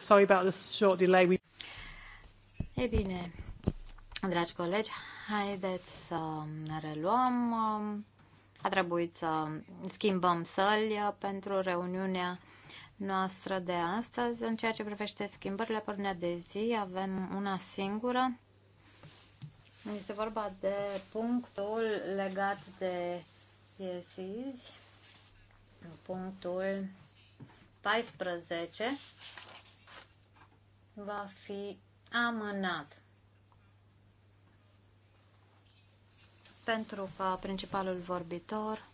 Sorry about the short delay. We... E bine, dragi colegi, haideți să ne reluăm. A trebuit să schimbăm săli pentru reuniunea noastră de astăzi. În ceea ce privește schimbările pe lunea de zi, avem una singură. Este vorba de punctul legat de piesizi. punctul 14 va fi amânat. Pentru că principalul vorbitor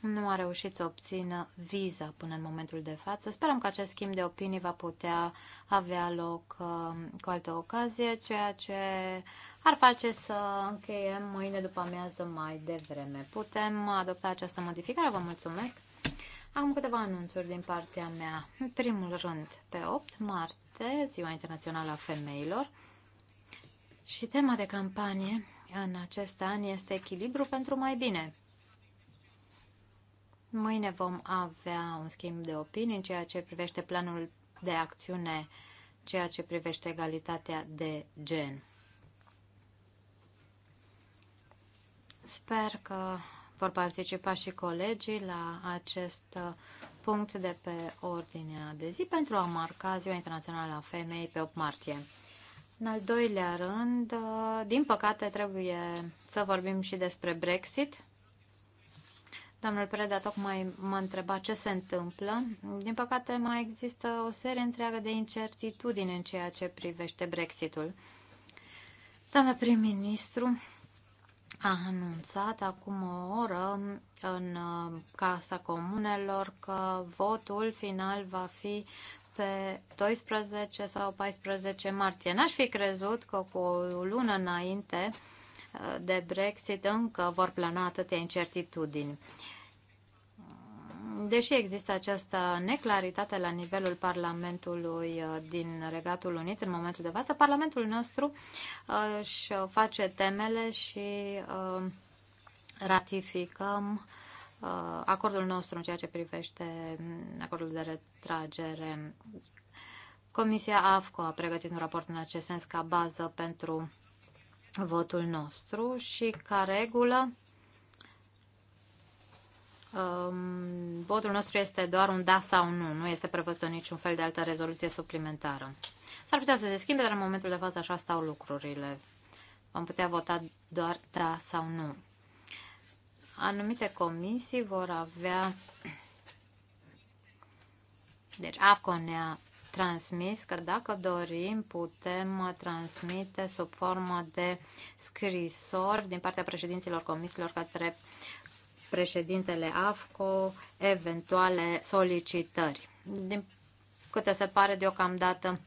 nu a reușit să obțină viza până în momentul de față. Sperăm că acest schimb de opinii va putea avea loc um, cu altă ocazie, ceea ce ar face să încheiem mâine după amiază mai devreme. Putem adopta această modificare, vă mulțumesc! Acum câteva anunțuri din partea mea. În primul rând, pe 8 martie, 7, Ziua Internațională a Femeilor. Și tema de campanie în acest an este echilibru pentru mai bine. Mâine vom avea un schimb de opinii în ceea ce privește planul de acțiune, ceea ce privește egalitatea de gen. Sper că vor participa și colegii la acest punct de pe ordinea de zi pentru a marca Ziua Internațională a Femeii pe 8 martie. În al doilea rând, uh, din păcate, trebuie să vorbim și despre Brexit. Domnul Preda tocmai m-a întrebat ce se întâmplă. Din păcate, mai există o serie întreagă de incertitudini în ceea ce privește Brexitul. Doamna prim-ministru, a anunțat acum o oră în uh, Casa Comunelor că votul final va fi pe 12 sau 14 martie. N-aș fi crezut că cu o lună înainte uh, de Brexit încă vor plana atâtea incertitudini. Deși există această neclaritate la nivelul Parlamentului uh, din Regatul Unit în momentul de față, Parlamentul nostru își uh, face temele și uh, ratificăm acordul nostru în ceea ce privește mm, acordul de retragere. Comisia AFCO a pregătit un raport în acest sens ca bază pentru votul nostru și ca regulă Um, votul nostru este doar un da sau un nu. Nu este prevăzut niciun fel de altă rezoluție suplimentară. S-ar putea să se schimbe, dar în momentul de față așa stau lucrurile. Vom putea vota doar da sau nu. Anumite comisii vor avea... Deci APCO ne-a transmis că dacă dorim putem transmite sub formă de scrisori din partea președinților comisiilor către președintele AFCO eventuale solicitări. Din câte se pare deocamdată,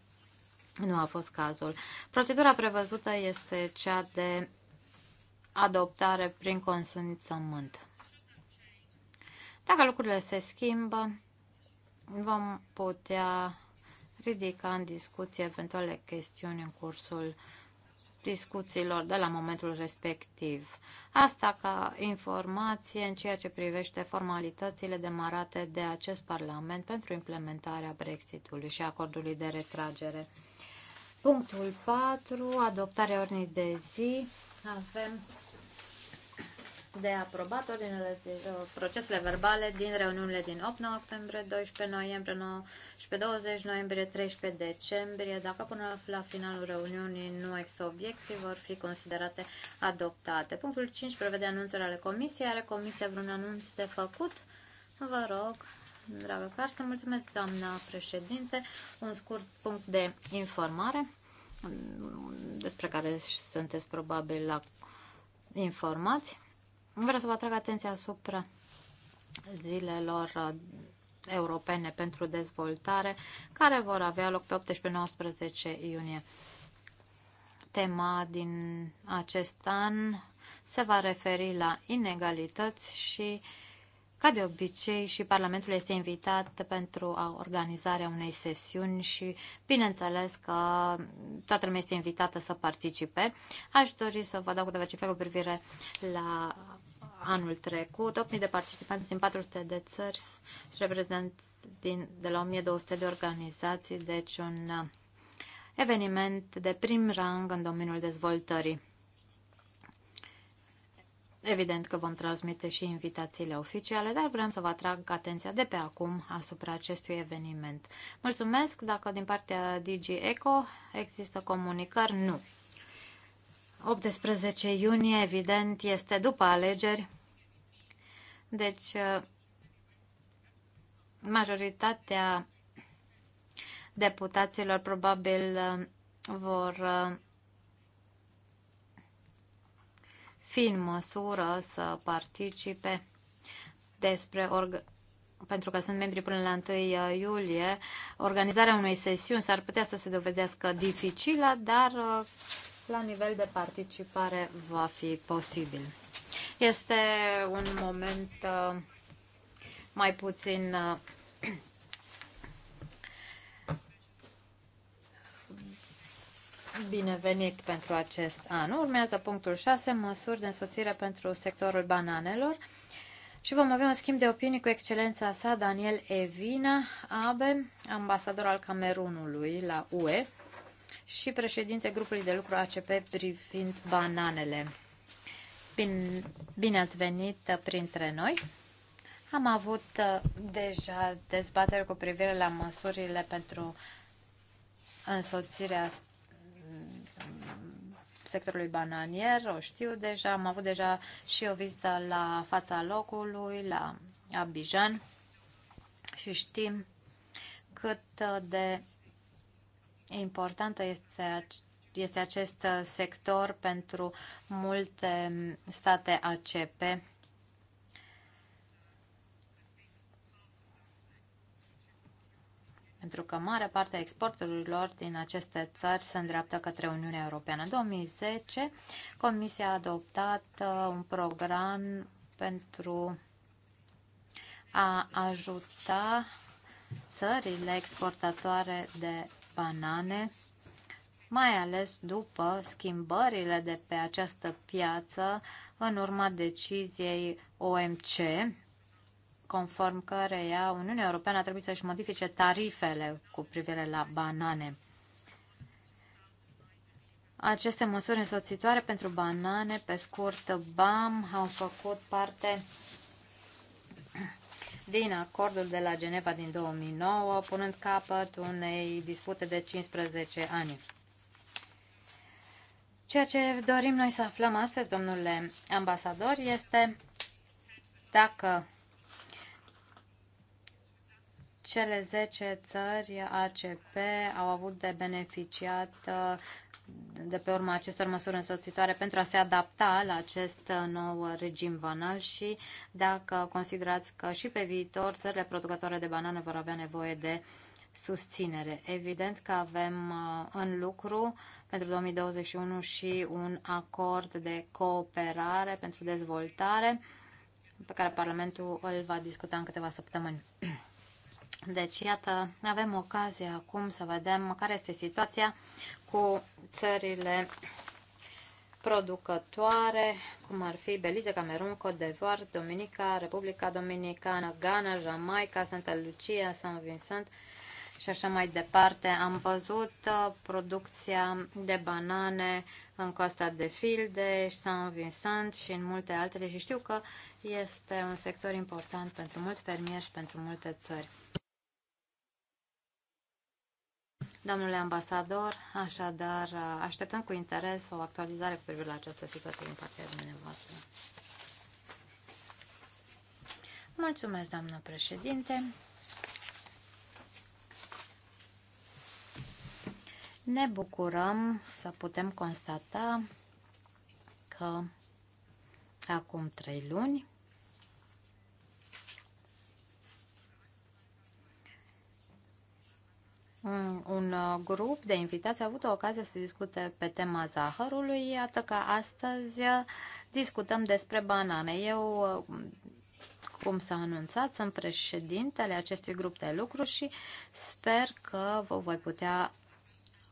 nu a fost cazul. Procedura prevăzută este cea de adoptare prin consimțământ. Dacă lucrurile se schimbă, vom putea ridica în discuție eventuale chestiuni în cursul discuțiilor de la momentul respectiv. Asta ca informație în ceea ce privește formalitățile demarate de acest Parlament pentru implementarea Brexitului și acordului de retragere. Punctul 4, adoptarea ordinii de zi. Avem de aprobat ordinele de, uh, procesele verbale din reuniunile din 8 9 octombrie, 12 noiembrie, 19 20 noiembrie, 13 decembrie. Dacă până la finalul reuniunii nu există obiecții, vor fi considerate adoptate. Punctul 5 prevede anunțuri ale comisiei. Are comisia vreun anunț de făcut? Vă rog, dragă carte, mulțumesc, doamna președinte. Un scurt punct de informare mm, despre care sunteți probabil la informații. Vreau să vă atrag atenția asupra zilelor uh, europene pentru dezvoltare, care vor avea loc pe 18-19 iunie. Tema din acest an se va referi la inegalități și, ca de obicei, și Parlamentul este invitat pentru a organizarea unei sesiuni și, bineînțeles, că toată lumea este invitată să participe. Aș dori să vă dau câteva cifre cu privire la anul trecut, 8.000 de participanți din 400 de țări și reprezenți din, de la 1.200 de organizații, deci un uh, eveniment de prim rang în domeniul dezvoltării. Evident că vom transmite și invitațiile oficiale, dar vrem să vă atrag atenția de pe acum asupra acestui eveniment. Mulțumesc dacă din partea DG Eco există comunicări. Nu. 18 iunie, evident, este după alegeri deci, uh, majoritatea deputaților probabil uh, vor uh, fi în măsură să participe despre org- pentru că sunt membri până la 1 iulie, organizarea unei sesiuni s-ar putea să se dovedească dificilă, dar la nivel de participare va fi posibil. Este un moment uh, mai puțin uh, binevenit pentru acest an. Urmează punctul 6, măsuri de însoțire pentru sectorul bananelor. Și vom avea un schimb de opinii cu excelența sa, Daniel Evina Abe, ambasador al Camerunului la UE și președinte grupului de lucru ACP privind bananele. Bine, bine ați venit printre noi. Am avut uh, deja dezbatere cu privire la măsurile pentru însoțirea mm, sectorului bananier, o știu deja, am avut deja și o vizită la fața locului, la Abijan și știm cât de importantă este este acest uh, sector pentru multe state ACP. pentru că mare parte a exporturilor din aceste țări se îndreaptă către Uniunea Europeană. În 2010, Comisia a adoptat uh, un program pentru a ajuta țările exportatoare de banane mai ales după schimbările de pe această piață în urma deciziei OMC, conform căreia Uniunea Europeană trebuie să-și modifice tarifele cu privire la banane. Aceste măsuri însoțitoare pentru banane, pe scurt, BAM, au făcut parte din acordul de la Geneva din 2009, punând capăt unei dispute de 15 ani. Ceea ce dorim noi să aflăm astăzi, domnule ambasador, este dacă cele 10 țări ACP au avut de beneficiat uh, de pe urma acestor măsuri însoțitoare pentru a se adapta la acest uh, nou regim banal și dacă considerați că și pe viitor țările producătoare de banane vor avea nevoie de uh, susținere. Evident că avem uh, în lucru pentru 2021 și un acord de cooperare pentru dezvoltare pe care Parlamentul îl va discuta în câteva săptămâni. Deci, iată, avem ocazia acum să vedem care este situația cu țările producătoare, cum ar fi Belize, Camerun, Côte d'Ivoire, Dominica, Republica Dominicană, Ghana, Jamaica, Santa Lucia, San Vincent și așa mai departe. Am văzut uh, producția de banane în Costa de Filde, Saint Vincent și în multe altele și știu că este un sector important pentru mulți fermieri și pentru multe țări. Domnule ambasador, așadar, uh, așteptăm cu interes o actualizare cu privire la această situație din partea dumneavoastră. Mulțumesc, doamnă președinte. Ne bucurăm să putem constata că acum trei luni un grup de invitați a avut o ocazie să discute pe tema zahărului. Iată că astăzi discutăm despre banane. Eu, cum s-a anunțat, sunt președintele acestui grup de lucru și sper că vă voi putea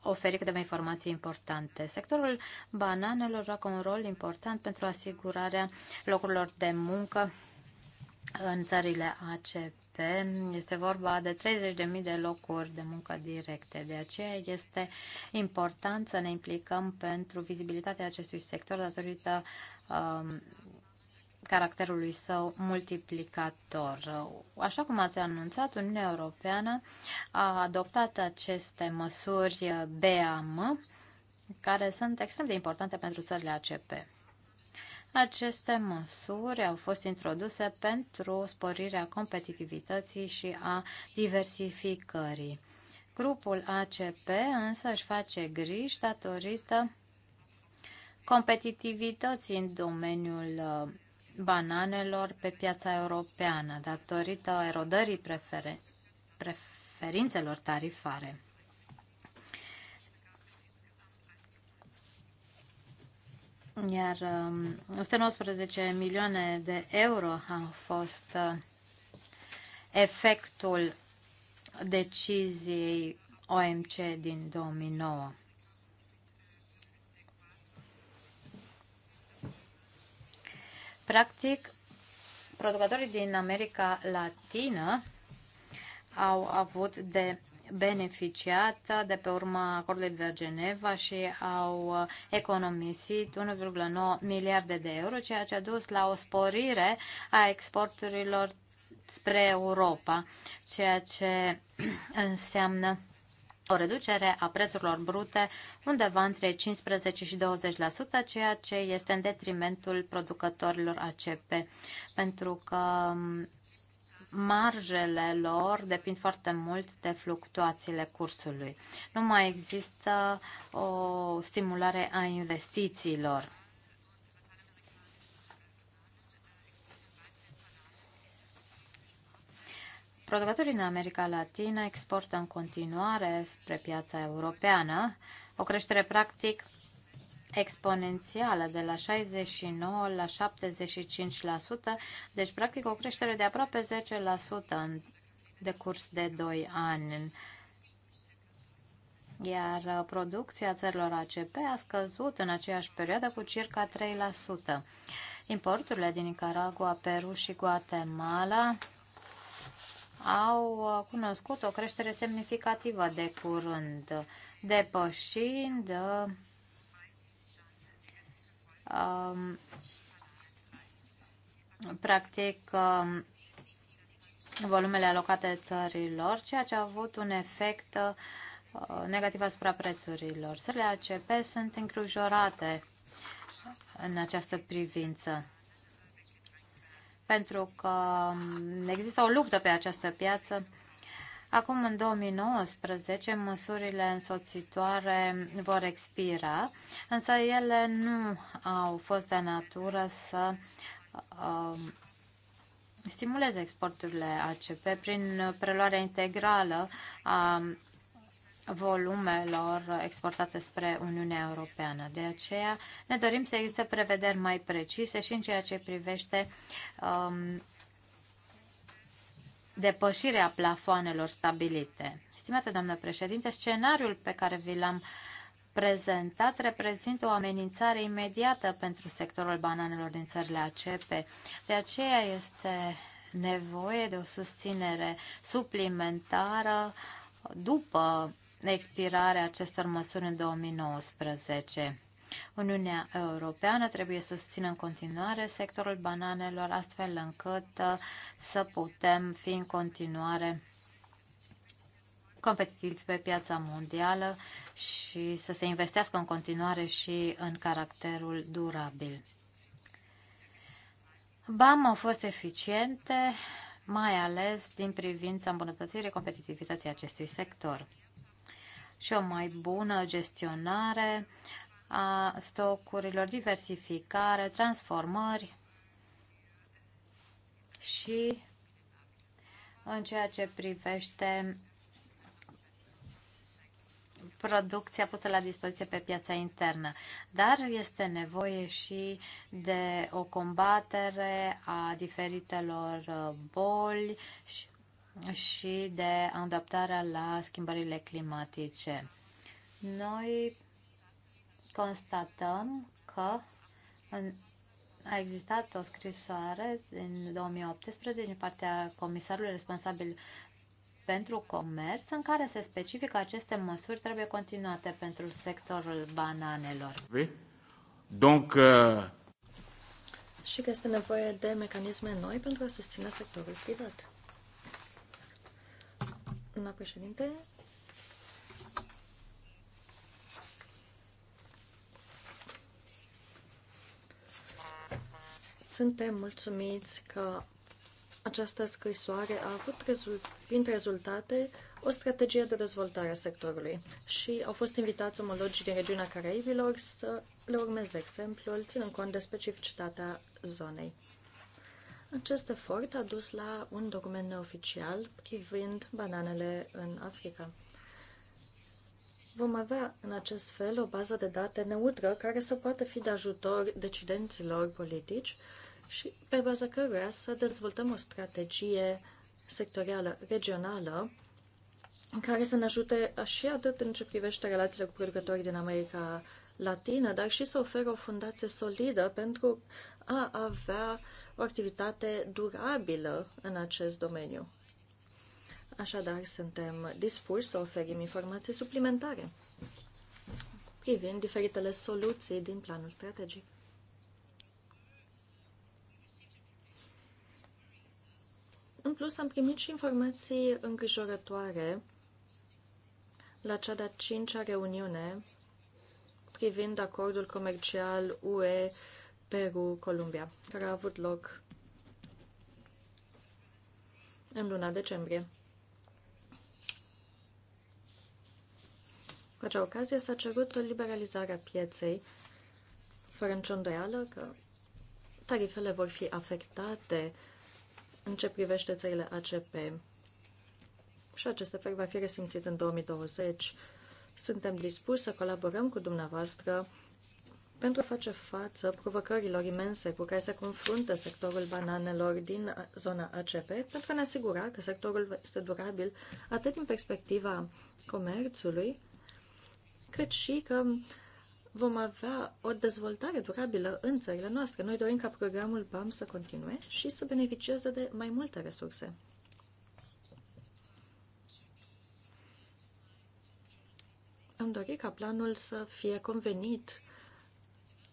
oferi câteva informații importante. Sectorul bananelor joacă un rol important pentru asigurarea locurilor de muncă în țările ACP. Este vorba de 30.000 de locuri de muncă directe. De aceea este important să ne implicăm pentru vizibilitatea acestui sector datorită um, caracterului său multiplicator. Așa cum ați anunțat, Uniunea Europeană a adoptat aceste măsuri BAM, care sunt extrem de importante pentru țările ACP. Aceste măsuri au fost introduse pentru sporirea competitivității și a diversificării. Grupul ACP însă își face griji datorită competitivității în domeniul bananelor pe piața europeană datorită erodării preferen preferințelor tarifare. Iar 119 um, milioane de euro a fost uh, efectul deciziei OMC din 2009. Practic, producătorii din America Latină au avut de beneficiat de pe urma acordului de la Geneva și au economisit 1,9 miliarde de euro, ceea ce a dus la o sporire a exporturilor spre Europa, ceea ce înseamnă o reducere a prețurilor brute undeva între 15 și 20%, ceea ce este în detrimentul producătorilor ACP, pentru că marjele lor depind foarte mult de fluctuațiile cursului. Nu mai există o stimulare a investițiilor. Producătorii în America Latina exportă în continuare spre piața europeană o creștere practic exponențială de la 69 la 75%, deci practic o creștere de aproape 10% în decurs de 2 ani. Iar uh, producția țărilor ACP a scăzut în aceeași perioadă cu circa 3%. Importurile din Nicaragua, Peru și Guatemala au uh, cunoscut o creștere semnificativă de curând, depășind um, practic um, volumele alocate țărilor, ceea ce a avut un efect uh, negativ asupra prețurilor. Țările ACP sunt îngrijorate în această privință pentru că mm, există o luptă pe această piață. Acum, în 2019, măsurile însoțitoare vor expira, însă ele nu au fost de natură să uh, stimuleze exporturile ACP prin preluarea integrală a volumelor exportate spre Uniunea Europeană. De aceea ne dorim să existe prevederi mai precise și în ceea ce privește um, depășirea plafoanelor stabilite. Stimate doamnă președinte, scenariul pe care vi l-am prezentat reprezintă o amenințare imediată pentru sectorul bananelor din țările ACP. De aceea este nevoie de o susținere suplimentară după expirarea acestor măsuri în 2019. Uniunea Europeană trebuie să susțină în continuare sectorul bananelor astfel încât uh, să putem fi în continuare competitivi pe piața mondială și să se investească în continuare și în caracterul durabil. BAM au fost eficiente, mai ales din privința îmbunătățirii competitivității acestui sector și o mai bună gestionare a stocurilor, diversificare, transformări și în ceea ce privește producția pusă la dispoziție pe piața internă. Dar este nevoie și de o combatere a diferitelor boli și și de adaptarea la schimbările climatice. Noi constatăm că în, a existat o scrisoare în 2018 din partea comisarului responsabil pentru comerț, în care se specifică aceste măsuri trebuie continuate pentru sectorul bananelor. Donc, uh... Și că este nevoie de mecanisme noi pentru a susține sectorul privat. Doamna președinte, suntem mulțumiți că această scrisoare a avut rezult, printre rezultate o strategie de dezvoltare a sectorului și au fost invitați omologii din regiunea Caraibilor să le urmeze exemplul, ținând cont de specificitatea zonei. Acest efort a dus la un document neoficial privind bananele în Africa. Vom avea în acest fel o bază de date neutră care să poată fi de ajutor decidenților politici și pe baza căruia să dezvoltăm o strategie sectorială regională care să ne ajute și atât în ce privește relațiile cu producătorii din America latină, dar și să ofere o fundație solidă pentru a avea o activitate durabilă în acest domeniu. Așadar, suntem dispuși să oferim informații suplimentare privind diferitele soluții din planul strategic. În plus, am primit și informații îngrijorătoare la cea de-a cincea reuniune privind acordul comercial UE Peru-Columbia, care a avut loc în luna decembrie. Cu acea ocazie s-a cerut o liberalizare a pieței, fără nicio îndoială că tarifele vor fi afectate în ce privește țările ACP și acest efect va fi resimțit în 2020 suntem dispuși să colaborăm cu dumneavoastră pentru a face față provocărilor imense cu care se confruntă sectorul bananelor din zona ACP, pentru a ne asigura că sectorul este durabil atât din perspectiva comerțului, cât și că vom avea o dezvoltare durabilă în țările noastre. Noi dorim ca programul BAM să continue și să beneficieze de mai multe resurse. Am dorit ca planul să fie convenit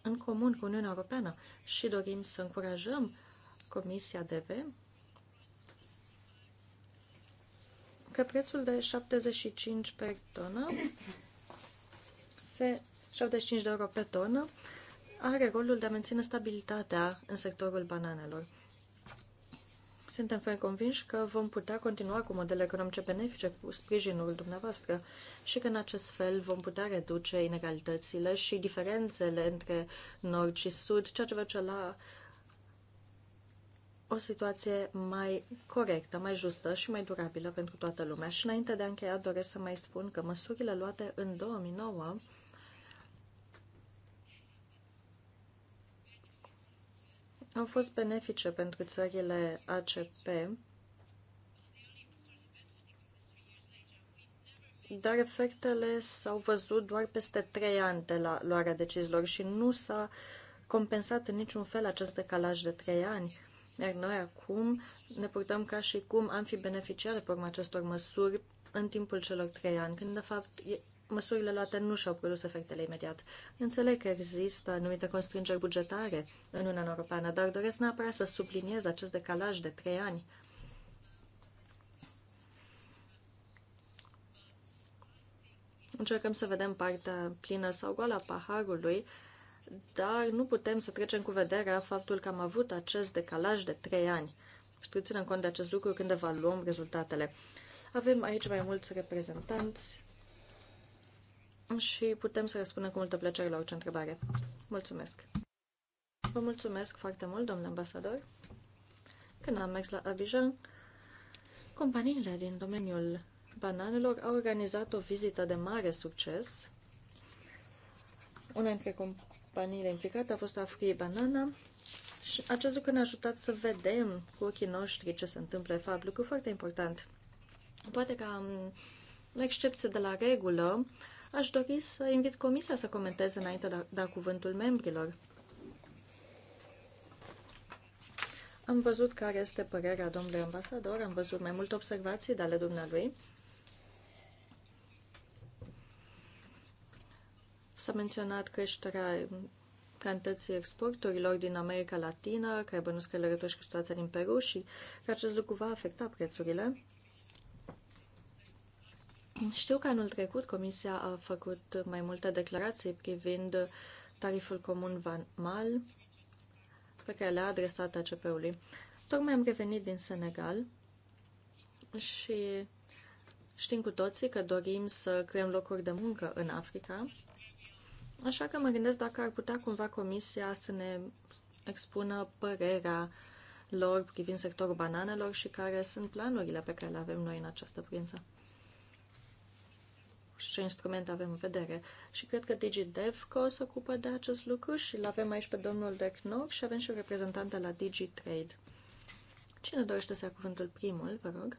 în comun cu Uniunea Europeană și dorim să încurajăm Comisia DV că prețul de 75 pe tonă se 75 de euro pe tonă are rolul de a menține stabilitatea în sectorul bananelor. Suntem foarte convinși că vom putea continua cu modele economice benefice cu sprijinul dumneavoastră și că în acest fel vom putea reduce inegalitățile și diferențele între nord și sud, ceea ce face la o situație mai corectă, mai justă și mai durabilă pentru toată lumea. Și înainte de a încheia, doresc să mai spun că măsurile luate în 2009 au fost benefice pentru țările ACP, dar efectele s-au văzut doar peste trei ani de la luarea deciziilor și nu s-a compensat în niciun fel acest decalaj de trei ani. Iar noi acum ne purtăm ca și cum am fi beneficiat de urma acestor măsuri în timpul celor trei ani, când de fapt măsurile luate nu și-au produs efectele imediat. Înțeleg că există anumite constrângeri bugetare în Uniunea Europeană, dar doresc neapărat să subliniez acest decalaj de trei ani. Încercăm să vedem partea plină sau goală a paharului, dar nu putem să trecem cu vederea faptul că am avut acest decalaj de trei ani. Trebuie ținem cont de acest lucru când evaluăm rezultatele. Avem aici mai mulți reprezentanți și putem să răspundem cu multă plăcere la orice întrebare. Mulțumesc! Vă mulțumesc foarte mult, domnule ambasador. Când am mers la Abidjan, companiile din domeniul bananelor au organizat o vizită de mare succes. Una dintre companiile implicate a fost Afrii Banana și acest lucru ne-a ajutat să vedem cu ochii noștri ce se întâmplă, de fapt, lucru foarte important. Poate că, în excepție de la regulă, Aș dori să invit comisia să comenteze înainte de a da cuvântul membrilor. Am văzut care este părerea domnului ambasador, am văzut mai multe observații de ale dumnealui. S-a menționat creșterea cantității exporturilor din America Latină, care bănuiesc că legătură cu situația din Peru și că acest lucru va afecta prețurile. Știu că anul trecut Comisia a făcut mai multe declarații privind tariful comun mal, pe care le-a adresat ACP-ului. Tocmai am revenit din Senegal și știm cu toții că dorim să creăm locuri de muncă în Africa, așa că mă gândesc dacă ar putea cumva Comisia să ne expună părerea lor privind sectorul bananelor și care sunt planurile pe care le avem noi în această privință ce instrument avem în vedere. Și cred că DigiDevco se ocupă de acest lucru și îl avem aici pe domnul Decnoc și avem și o reprezentantă la DigiTrade. Cine dorește să ia cuvântul primul, vă rog?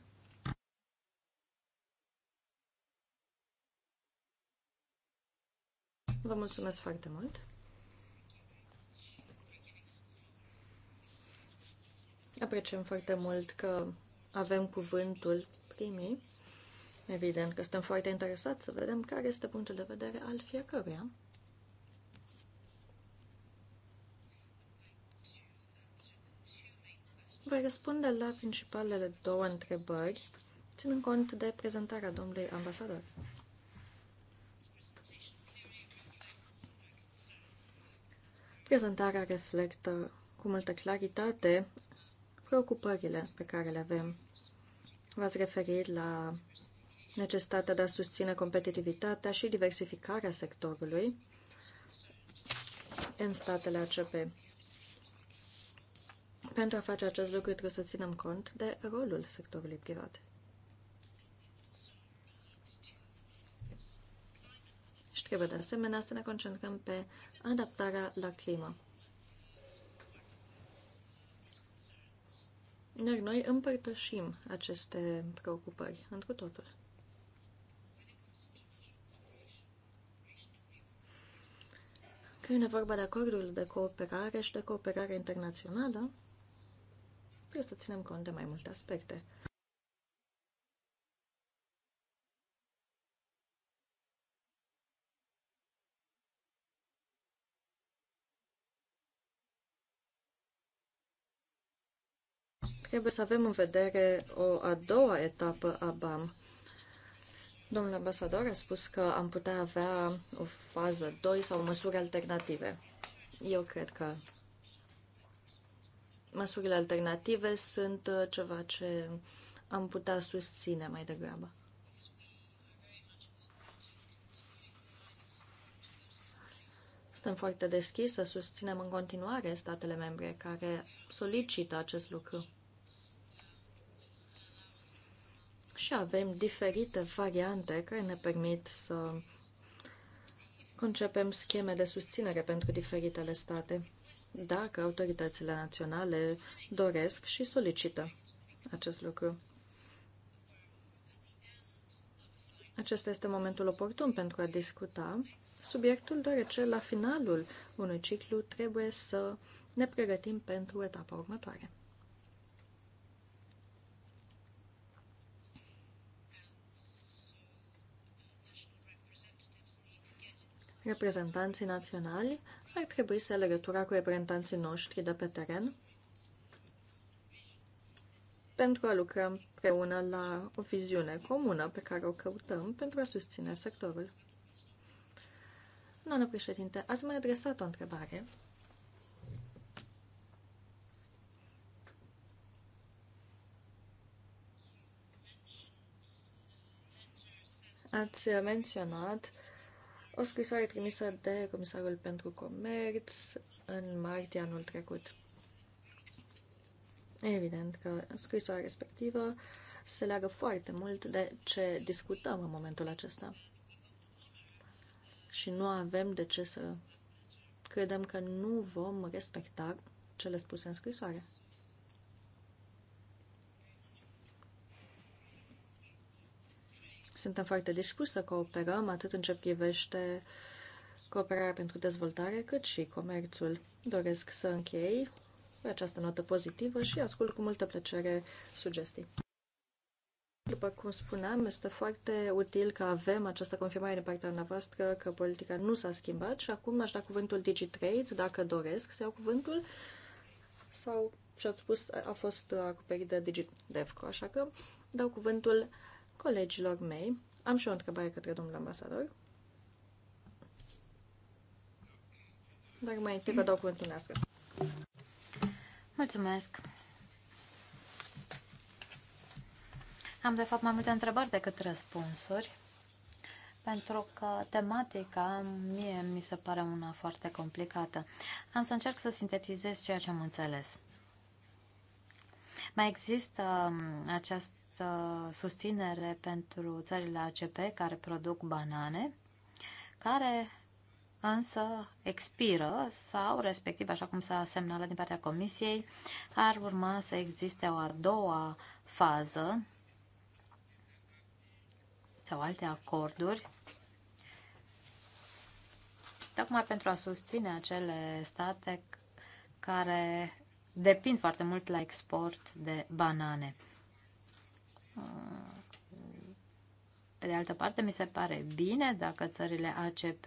Vă mulțumesc foarte mult! Apreciem foarte mult că avem cuvântul primii Evident că suntem foarte interesați să vedem care este punctul de vedere al fiecăruia. Voi răspunde la principalele două întrebări, ținând cont de prezentarea domnului ambasador. Prezentarea reflectă cu multă claritate preocupările pe care le avem. V-ați referit la necesitatea de a susține competitivitatea și diversificarea sectorului în statele ACP. Pentru a face acest lucru, trebuie să ținem cont de rolul sectorului privat. Și trebuie de asemenea să ne concentrăm pe adaptarea la climă. Iar noi împărtășim aceste preocupări întru totul. Când e vorba de acordul de cooperare și de cooperare internațională, trebuie să ținem cont de mai multe aspecte. Trebuie să avem în vedere o a doua etapă a BAM, Domnul ambasador a spus că am putea avea o fază 2 sau măsuri alternative. Eu cred că măsurile alternative sunt uh, ceva ce am putea susține mai degrabă. Suntem foarte deschis să susținem în continuare statele membre care solicită acest lucru. și avem diferite variante care ne permit să concepem scheme de susținere pentru diferitele state, dacă autoritățile naționale doresc și solicită acest lucru. Acesta este momentul oportun pentru a discuta subiectul, deoarece la finalul unui ciclu trebuie să ne pregătim pentru etapa următoare. reprezentanții naționali ar trebui să ia legătura cu reprezentanții noștri de pe teren pentru a lucra împreună la o viziune comună pe care o căutăm pentru a susține sectorul. Doamnă președinte, ați mai adresat o întrebare. Ați menționat o scrisoare trimisă de Comisarul pentru Comerț în martie anul trecut. Evident că scrisoarea respectivă se leagă foarte mult de ce discutăm în momentul acesta. Și nu avem de ce să credem că nu vom respecta cele spuse în scrisoare. Suntem foarte dispuși să cooperăm atât în ce privește cooperarea pentru dezvoltare, cât și comerțul. Doresc să închei pe această notă pozitivă și ascult cu multă plăcere sugestii. După cum spuneam, este foarte util că avem această confirmare din partea noastră că politica nu s-a schimbat și acum aș da cuvântul DigiTrade, dacă doresc să iau cuvântul, sau și-ați spus, a fost acoperit de DigiDevco, așa că dau cuvântul colegilor mei. Am și o întrebare către domnul ambasador. Dar mai întâi vă dau cuvântul noastră. Mulțumesc! Am, de fapt, mai multe întrebări decât răspunsuri, pentru că tematica mie mi se pare una foarte complicată. Am să încerc să sintetizez ceea ce am înțeles. Mai există um, acest susținere pentru țările ACP care produc banane, care însă expiră sau, respectiv, așa cum s-a semnalat din partea Comisiei, ar urma să existe o a doua fază sau alte acorduri tocmai pentru a susține acele state care depind foarte mult la export de banane. Pe de altă parte, mi se pare bine dacă țările ACP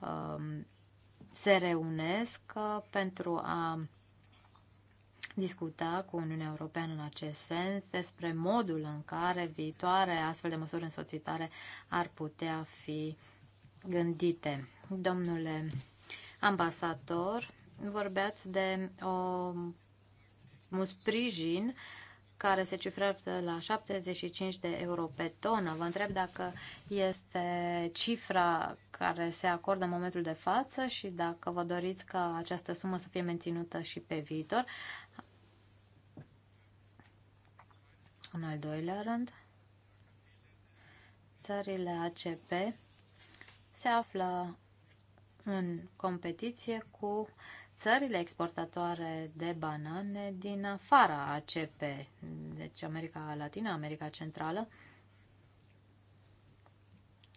um, se reunesc uh, pentru a discuta cu Uniunea Europeană în acest sens despre modul în care viitoare astfel de măsuri însoțitare ar putea fi gândite. Domnule ambasador, vorbeați de o, un sprijin uh, care se cifrează la 75 de euro pe tonă. Vă întreb dacă este cifra care se acordă în momentul de față și dacă vă doriți ca această sumă să fie menținută și pe viitor. În al doilea rând, țările ACP se află în competiție cu țările exportatoare de banane din afara ACP, deci America Latina, America Centrală.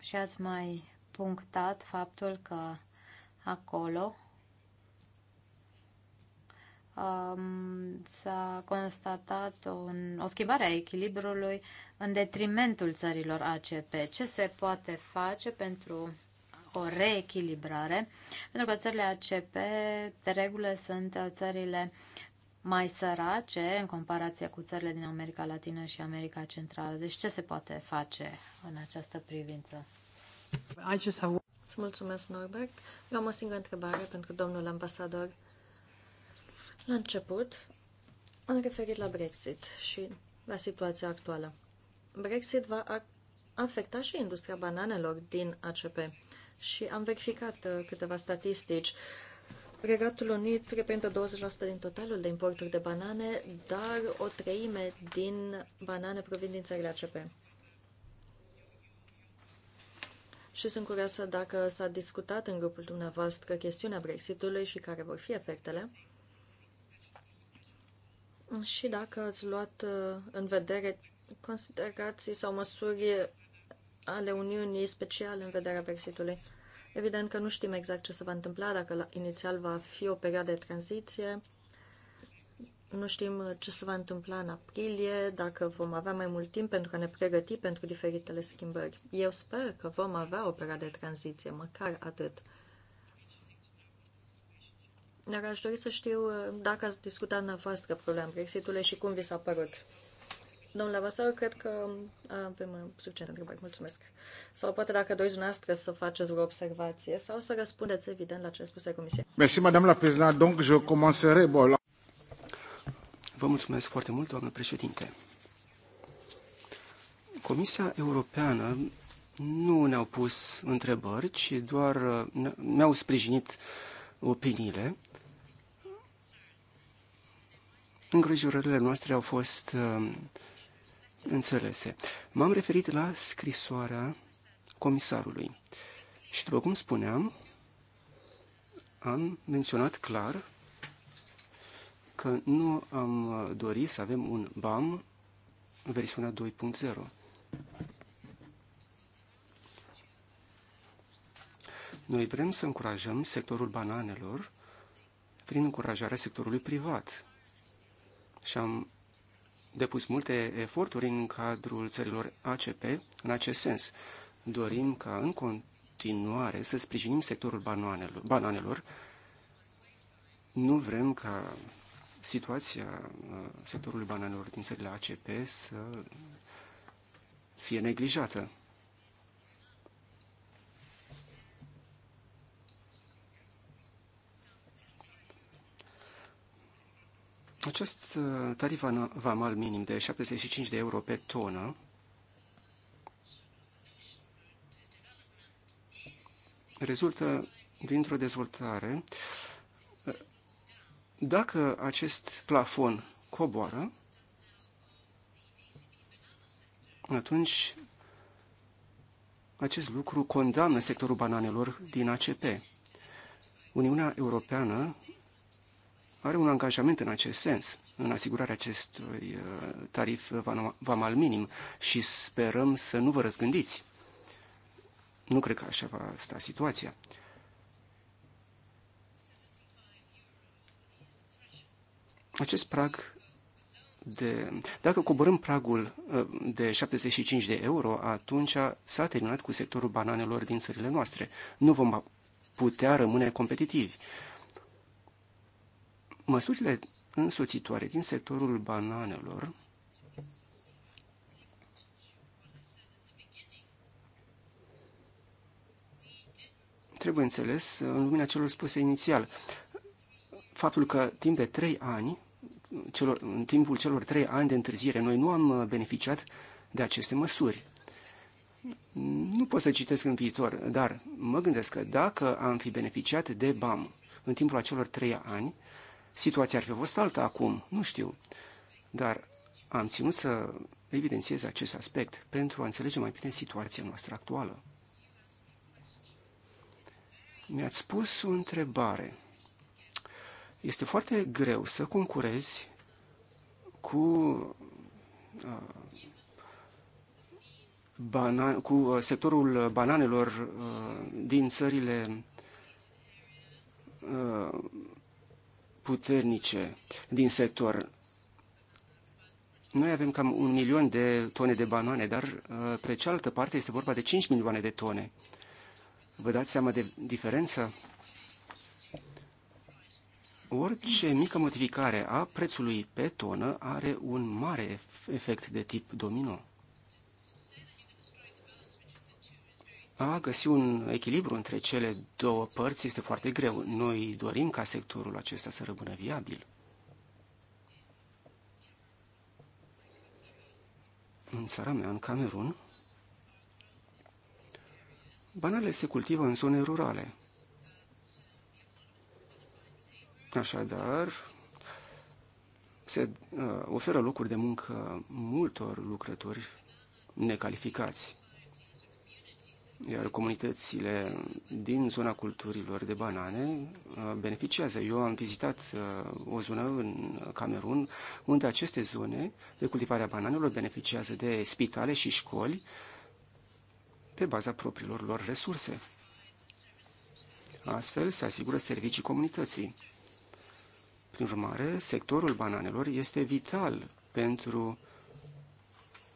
Și ați mai punctat faptul că acolo um, s-a constatat un, o schimbare a echilibrului în detrimentul țărilor ACP. Ce se poate face pentru o reechilibrare, pentru că țările ACP de regulă sunt țările mai sărace în comparație cu țările din America Latină și America Centrală. Deci ce se poate face în această privință? Îți mulțumesc, Norbert. Eu am o singură întrebare pentru domnul ambasador. La început, am referit la Brexit și la situația actuală. Brexit va afecta și industria bananelor din ACP și am verificat uh, câteva statistici. Regatul Unit reprezintă 20% din totalul de importuri de banane, dar o treime din banane provin din țările ACP. Și sunt curioasă dacă s-a discutat în grupul dumneavoastră chestiunea Brexitului și care vor fi efectele. Și dacă ați luat uh, în vedere considerații sau măsuri ale Uniunii speciale în vederea Brexitului. Evident că nu știm exact ce se va întâmpla, dacă la, inițial va fi o perioadă de tranziție, nu știm ce se va întâmpla în aprilie, dacă vom avea mai mult timp pentru a ne pregăti pentru diferitele schimbări. Eu sper că vom avea o perioadă de tranziție, măcar atât. Dar aș dori să știu dacă ați discutat dumneavoastră problema Brexitului și cum vi s-a părut. Domnule Vasau, cred că avem suficient întrebări. Mulțumesc. Sau poate dacă doriți dumneavoastră să faceți o observație sau să răspundeți, evident, la ce spuse Comisia. Mersi, madame la prezident. Donc, je commencerai. Bon, la... Vă mulțumesc foarte mult, doamnă președinte. Comisia Europeană nu ne-au pus întrebări, ci doar uh, ne-au sprijinit opiniile. Îngrijorările noastre au fost uh, înțelese. M-am referit la scrisoarea comisarului. Și după cum spuneam, am menționat clar că nu am dorit să avem un BAM în versiunea 2.0. Noi vrem să încurajăm sectorul bananelor prin încurajarea sectorului privat. Și am depus multe eforturi în cadrul țărilor ACP în acest sens. Dorim ca în continuare să sprijinim sectorul bananelor. bananelor. Nu vrem ca situația uh, sectorului bananelor din țările ACP să fie neglijată. Acest uh, tarif vamal minim de 75 de euro pe tonă rezultă dintr-o dezvoltare. Uh, dacă acest plafon coboară, atunci acest lucru condamnă sectorul bananelor din ACP. Uniunea Europeană are un angajament în acest sens, în asigurarea acestui uh, tarif vamal minim și sperăm să nu vă răzgândiți. Nu cred că așa va sta situația. Acest prag de... Dacă coborâm pragul uh, de 75 de euro, atunci s-a terminat cu sectorul bananelor din țările noastre. Nu vom putea rămâne competitivi. Măsurile însoțitoare din sectorul bananelor trebuie înțeles în lumina celor spuse inițial. Faptul că timp de trei ani, celor, în timpul celor trei ani de întârziere, noi nu am beneficiat de aceste măsuri. Nu pot să citesc în viitor, dar mă gândesc că dacă am fi beneficiat de BAM în timpul acelor trei ani, Situația ar fi fost alta acum, nu știu, dar am ținut să evidențiez acest aspect pentru a înțelege mai bine situația noastră actuală. Mi-ați spus o întrebare. Este foarte greu să concurezi cu uh, bana- cu uh, sectorul bananelor uh, din țările puternice din sector. Noi avem cam un milion de tone de banane, dar uh, pe cealaltă parte este vorba de 5 milioane de tone. Vă dați seama de diferență? Orice mică modificare a prețului pe tonă are un mare efect de tip domino. A găsi un echilibru între cele două părți este foarte greu. Noi dorim ca sectorul acesta să rămână viabil. În țara mea, în Camerun, bananele se cultivă în zone rurale. Așadar, se uh, oferă locuri de muncă multor lucrători necalificați iar comunitățile din zona culturilor de banane uh, beneficiază. Eu am vizitat uh, o zonă în Camerun unde aceste zone de cultivare a bananelor beneficiază de spitale și școli pe baza propriilor lor resurse. Astfel se asigură servicii comunității. Prin urmare, sectorul bananelor este vital pentru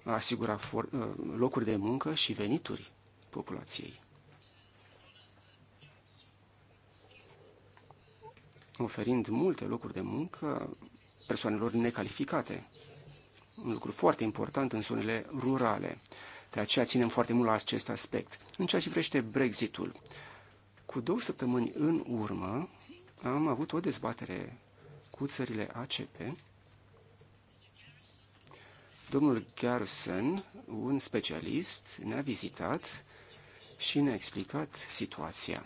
a asigura uh, locuri de muncă și venituri populației. oferind multe locuri de muncă persoanelor necalificate. Un lucru foarte important în zonele rurale. De aceea ținem foarte mult la acest aspect. În ceea ce privește Brexitul, cu două săptămâni în urmă am avut o dezbatere cu țările ACP. Domnul Garson, un specialist, ne-a vizitat și ne-a explicat situația.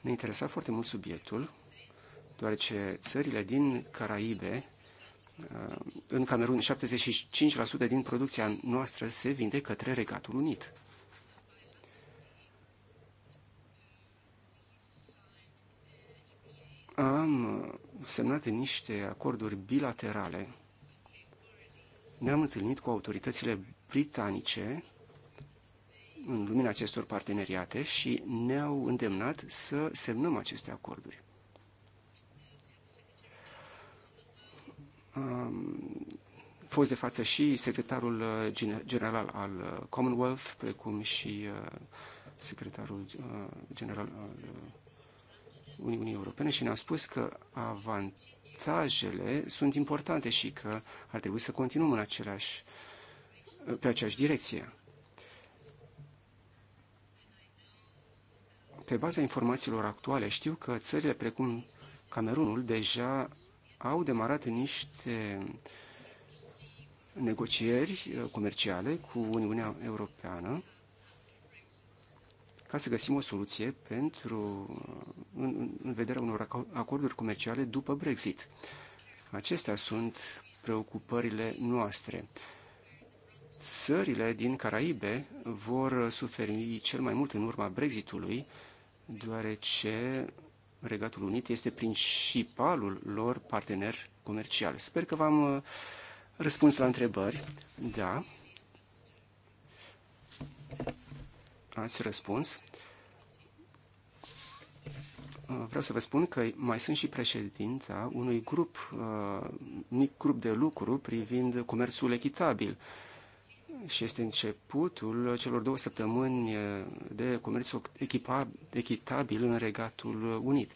Ne interesa foarte mult subiectul, deoarece țările din Caraibe, uh, în Camerun, 75% din producția noastră se vinde către Regatul Unit. Am uh, semnat niște acorduri bilaterale. Ne-am întâlnit cu autoritățile britanice în lumina acestor parteneriate și ne-au îndemnat să semnăm aceste acorduri. Um, fost de față și secretarul uh, general al uh, Commonwealth, precum și uh, secretarul general al Uniunii Europene și ne-a spus că avantajele sunt importante și că ar trebui să continuăm în aceleași, pe aceeași direcție. Pe baza informațiilor actuale știu că țările precum Camerunul deja au demarat niște negocieri uh, comerciale cu Uniunea Europeană ca să găsim o soluție pentru, uh, în, în vederea unor acorduri comerciale după Brexit. Acestea sunt preocupările noastre. Țările din Caraibe vor suferi cel mai mult în urma Brexitului deoarece Regatul Unit este principalul lor partener comercial. Sper că v-am uh, răspuns la întrebări. Da. Ați răspuns. Uh, vreau să vă spun că mai sunt și președinta unui grup, uh, mic grup de lucru privind comerțul echitabil și este începutul celor două săptămâni eh, de comerț echitabil în Regatul Unit,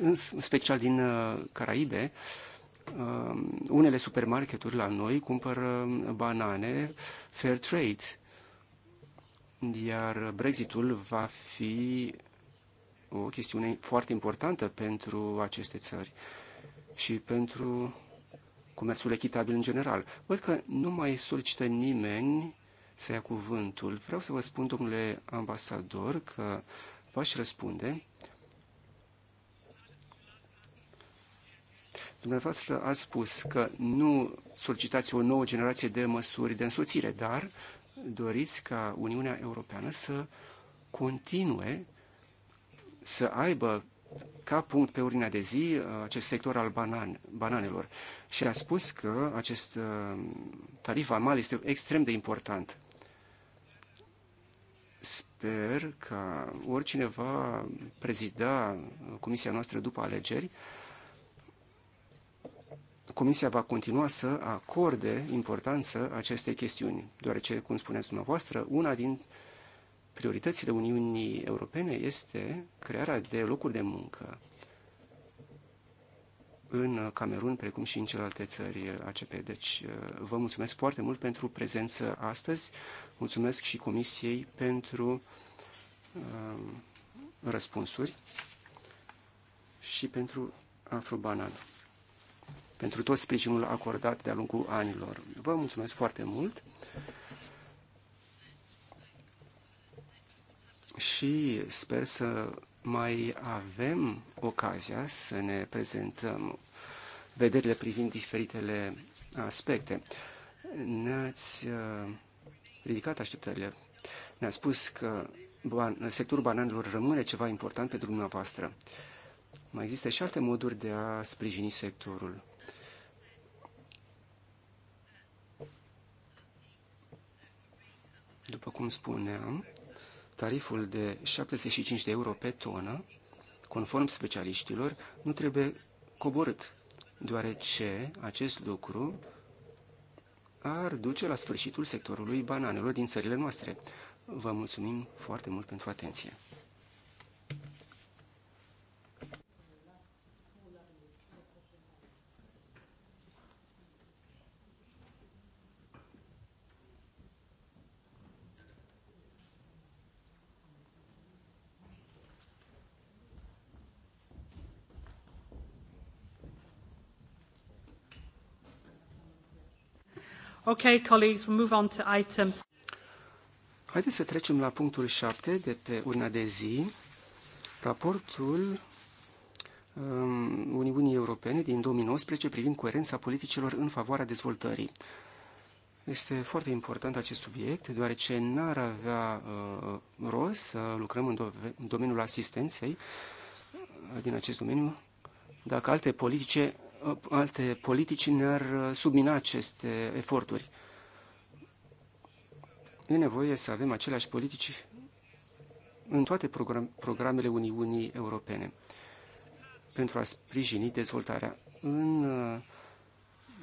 în special din eh, Caraibe. Eh, unele supermarketuri la noi cumpără banane fair trade, iar Brexitul va fi o chestiune foarte importantă pentru aceste țări și pentru comerțul echitabil în general. Văd că nu mai solicită nimeni să ia cuvântul. Vreau să vă spun, domnule ambasador, că v-aș răspunde. Dumneavoastră a spus că nu solicitați o nouă generație de măsuri de însoțire, dar doriți ca Uniunea Europeană să continue să aibă ca punct pe ordinea de zi uh, acest sector al banan, bananelor și a spus că acest uh, tarif amal este extrem de important. Sper că oricine va prezida comisia noastră după alegeri, comisia va continua să acorde importanță acestei chestiuni, deoarece, cum spuneți dumneavoastră, una din prioritățile Uniunii Europene este crearea de locuri de muncă în Camerun, precum și în celelalte țări ACP. Deci uh, vă mulțumesc foarte mult pentru prezență astăzi. Mulțumesc și Comisiei pentru uh, răspunsuri și pentru Afrobanan, pentru tot sprijinul acordat de-a lungul anilor. Vă mulțumesc foarte mult! și sper să mai avem ocazia să ne prezentăm vederile privind diferitele aspecte. Ne-ați uh, ridicat așteptările. Ne-a spus că sectorul bananelor rămâne ceva important pentru dumneavoastră. Mai există și alte moduri de a sprijini sectorul. După cum spuneam, tariful de 75 de euro pe tonă, conform specialiștilor, nu trebuie coborât, deoarece acest lucru ar duce la sfârșitul sectorului bananelor din țările noastre. Vă mulțumim foarte mult pentru atenție. Ok, colleagues, we'll move on to items. Haideți să trecem la punctul 7 de pe urna de zi, raportul um, Uniunii Europene din 2019 privind coerența politicilor în favoarea dezvoltării. Este foarte important acest subiect, deoarece n-ar avea uh, rost să lucrăm în, do- în domeniul asistenței uh, din acest domeniu dacă alte politice alte politici ne-ar uh, submina aceste eforturi. E nevoie să avem aceleași politici în toate program programele Uniunii Europene pentru a sprijini dezvoltarea. În uh,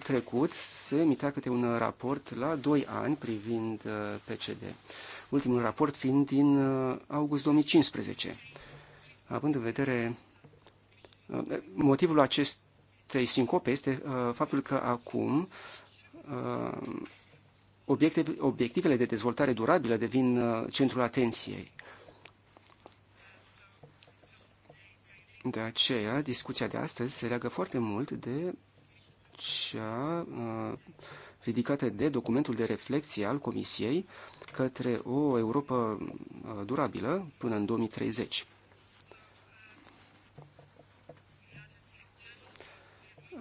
trecut se emitea câte un raport la 2 ani privind uh, PCD, ultimul raport fiind din august 2015. Având în vedere motivul acest acestei sincope este uh, faptul că acum uh, obiecte, obiectivele de dezvoltare durabilă devin uh, centrul atenției. De aceea, discuția de astăzi se leagă foarte mult de cea ridicată de documentul de reflexie al Comisiei către o Europa durabilă până în 2030.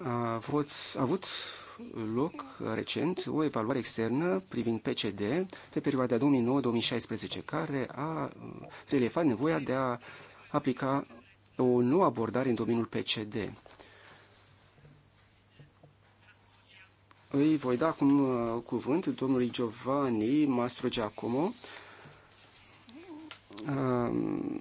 a avut, a avut loc recent o evaluare externă privind PCD pe perioada 2009-2016, care a uh, relevat nevoia de a aplica o nouă abordare în domeniul PCD. Îi voi da acum uh, cuvânt domnului Giovanni Mastro Giacomo, um,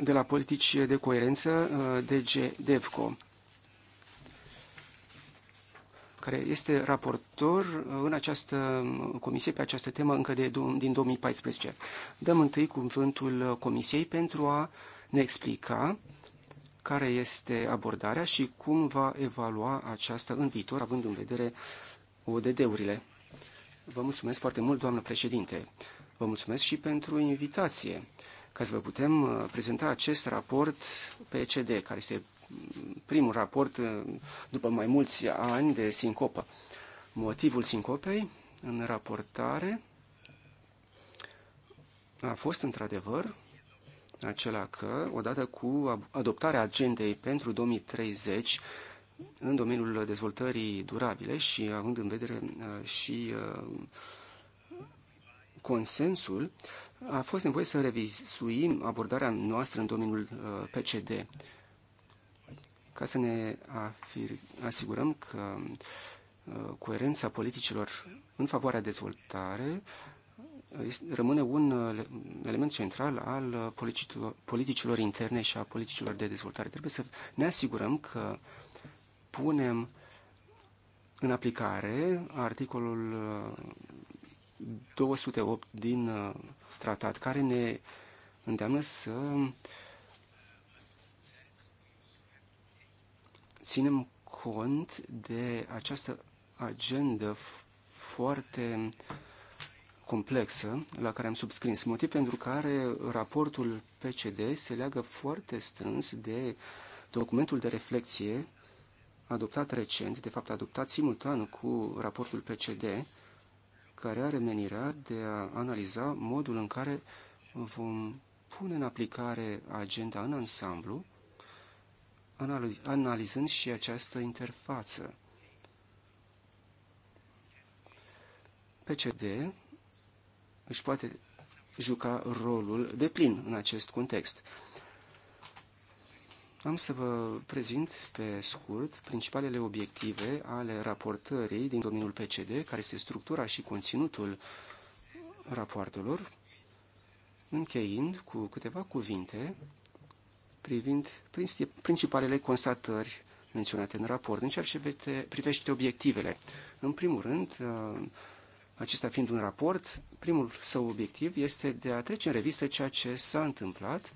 de la politici de coerență, uh, DG DEVCO, care este raportor uh, în această uh, comisie pe această temă încă de, din 2014. Dăm întâi cuvântul comisiei pentru a ne explica care este abordarea și cum va evalua aceasta în viitor, având în vedere ODD-urile. Vă mulțumesc foarte mult, doamnă președinte. Vă mulțumesc și pentru invitație ca să vă putem uh, prezenta acest raport PCD, care este primul raport uh, după mai mulți ani de sincopă. Motivul sincopei în raportare a fost într-adevăr acela că, odată cu adoptarea agendei pentru 2030 în domeniul dezvoltării durabile și având în vedere uh, și consensul, a fost nevoie să revizuim abordarea noastră în domeniul uh, PCD ca să ne asigurăm că uh, coerența politicilor în favoarea dezvoltare uh, rămâne un element central al politicilor, interne și a politicilor de dezvoltare. Trebuie să ne asigurăm că punem în aplicare articolul 208 din tratat, care ne îndeamnă să ținem cont de această agendă foarte complexă la care am subscris, motiv pentru care raportul PCD se leagă foarte strâns de documentul de reflexie adoptat recent, de fapt adoptat simultan cu raportul PCD, care are menirea de a analiza modul în care vom pune în aplicare agenda în ansamblu, analizând și această interfață. PCD își poate juca rolul de plin în acest context. Am să vă prezint pe scurt principalele obiective ale raportării din domeniul PCD, care este structura și conținutul rapoartelor, încheind cu câteva cuvinte privind principalele constatări menționate în raport, în ceea ce privește obiectivele. În primul rând, uh, acesta fiind un raport, primul său obiectiv este de a trece în revistă ceea ce s-a întâmplat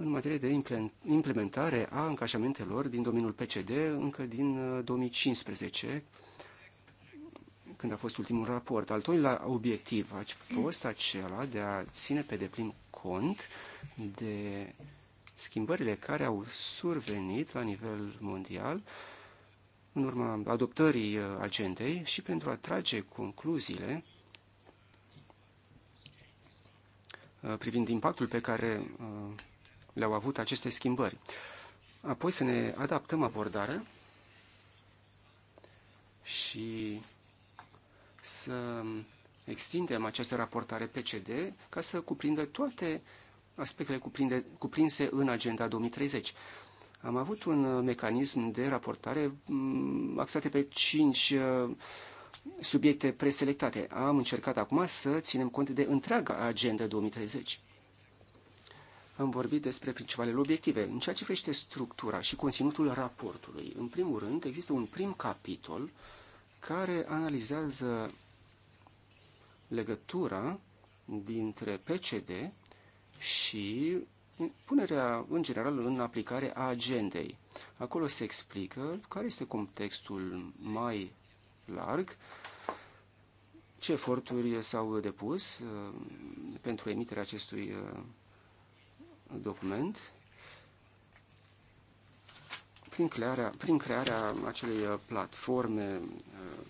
în materie de implementare a angajamentelor din domeniul PCD încă din 2015, uh, când a fost ultimul raport. Al doilea obiectiv a fost acela de a ține pe deplin cont de schimbările care au survenit la nivel mondial în urma adoptării uh, agendei și pentru a trage concluziile uh, privind impactul pe care le-au avut aceste schimbări. Apoi să ne adaptăm abordarea și să extindem această raportare PCD ca să cuprindă toate aspectele cuprinde, cuprinse în Agenda 2030. Am avut un uh, mecanism de raportare mm, axat pe cinci uh, subiecte preselectate. Am încercat acum să ținem cont de întreaga Agenda 2030 am vorbit despre principalele obiective. În ceea ce privește structura și conținutul raportului, în primul rând, există un prim capitol care analizează legătura dintre PCD și punerea, în general, în aplicare a agendei. Acolo se explică care este contextul mai larg, ce eforturi s-au depus uh, pentru emiterea acestui uh, document prin crearea, prin crearea acelei uh, platforme uh,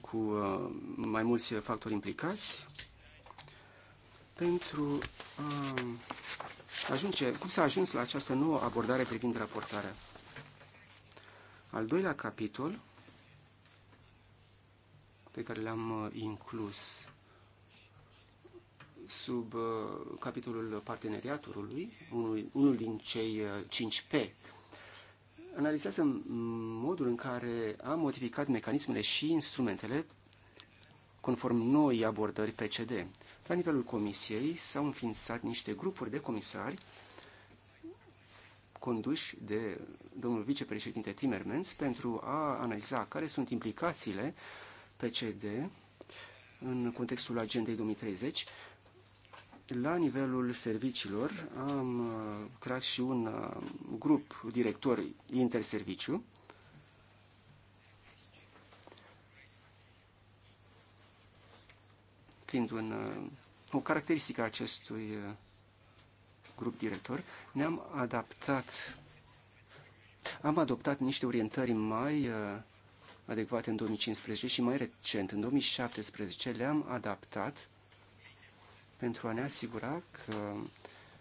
cu uh, mai mulți factori implicați pentru a ajunge, cum s-a ajuns la această nouă abordare privind raportarea. Al doilea capitol pe care l-am inclus sub uh, capitolul parteneriatului, unul, unul din cei uh, 5P. Analizează modul în care a modificat mecanismele și instrumentele conform noi abordări PCD. La nivelul comisiei s-au înființat niște grupuri de comisari conduși de domnul vicepreședinte Timmermans pentru a analiza care sunt implicațiile PCD în contextul agendei 2030 la nivelul serviciilor am uh, creat și un uh, grup director interserviciu fiind un, uh, o caracteristică a acestui grup director, ne-am adaptat, am adoptat niște orientări mai adecvate în 2015 și mai recent, în 2017, le-am adaptat pentru a ne asigura că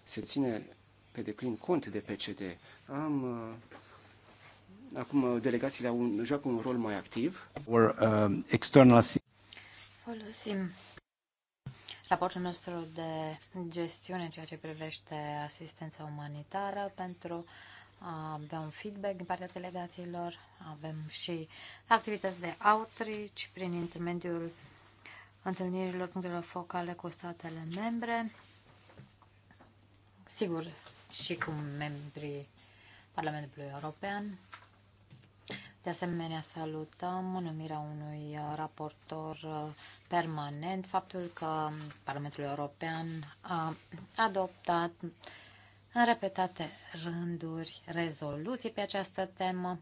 se ține pe deplin cont de PCD. Am uh, acum uh, delegațiile au un, joacă un rol mai activ. Or, uh, external... Folosim raportul nostru de gestiune în ceea ce privește asistența umanitară pentru a avea un feedback din partea delegațiilor. Avem și activități de outreach prin intermediul întâlnirilor punctelor focale cu statele membre. Sigur, și cu membrii Parlamentului European. De asemenea, salutăm numirea unui uh, raportor uh, permanent, faptul că Parlamentul European a adoptat în repetate rânduri rezoluții pe această temă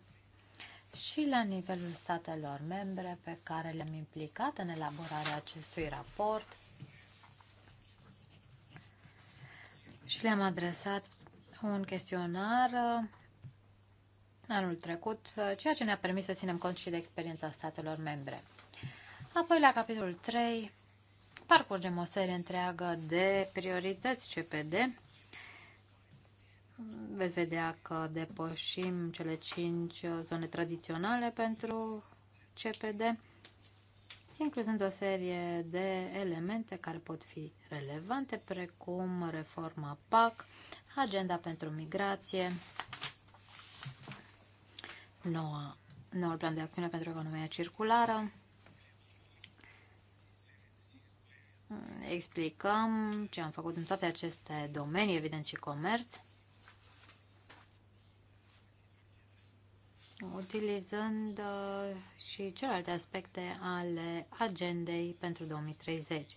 și la nivelul statelor membre pe care le-am implicat în elaborarea acestui raport și le-am adresat un chestionar uh, anul trecut, uh, ceea ce ne-a permis să ținem cont și de experiența statelor membre. Apoi, la capitolul 3, parcurgem o serie întreagă de priorități CPD, veți vedea că depășim cele 5 zone tradiționale pentru CPD, incluzând o serie de elemente care pot fi relevante, precum reforma PAC, agenda pentru migrație, noua, noul plan de acțiune pentru economia circulară, explicăm ce am făcut în toate aceste domenii, evident și comerț, utilizând uh, și celelalte aspecte ale agendei pentru 2030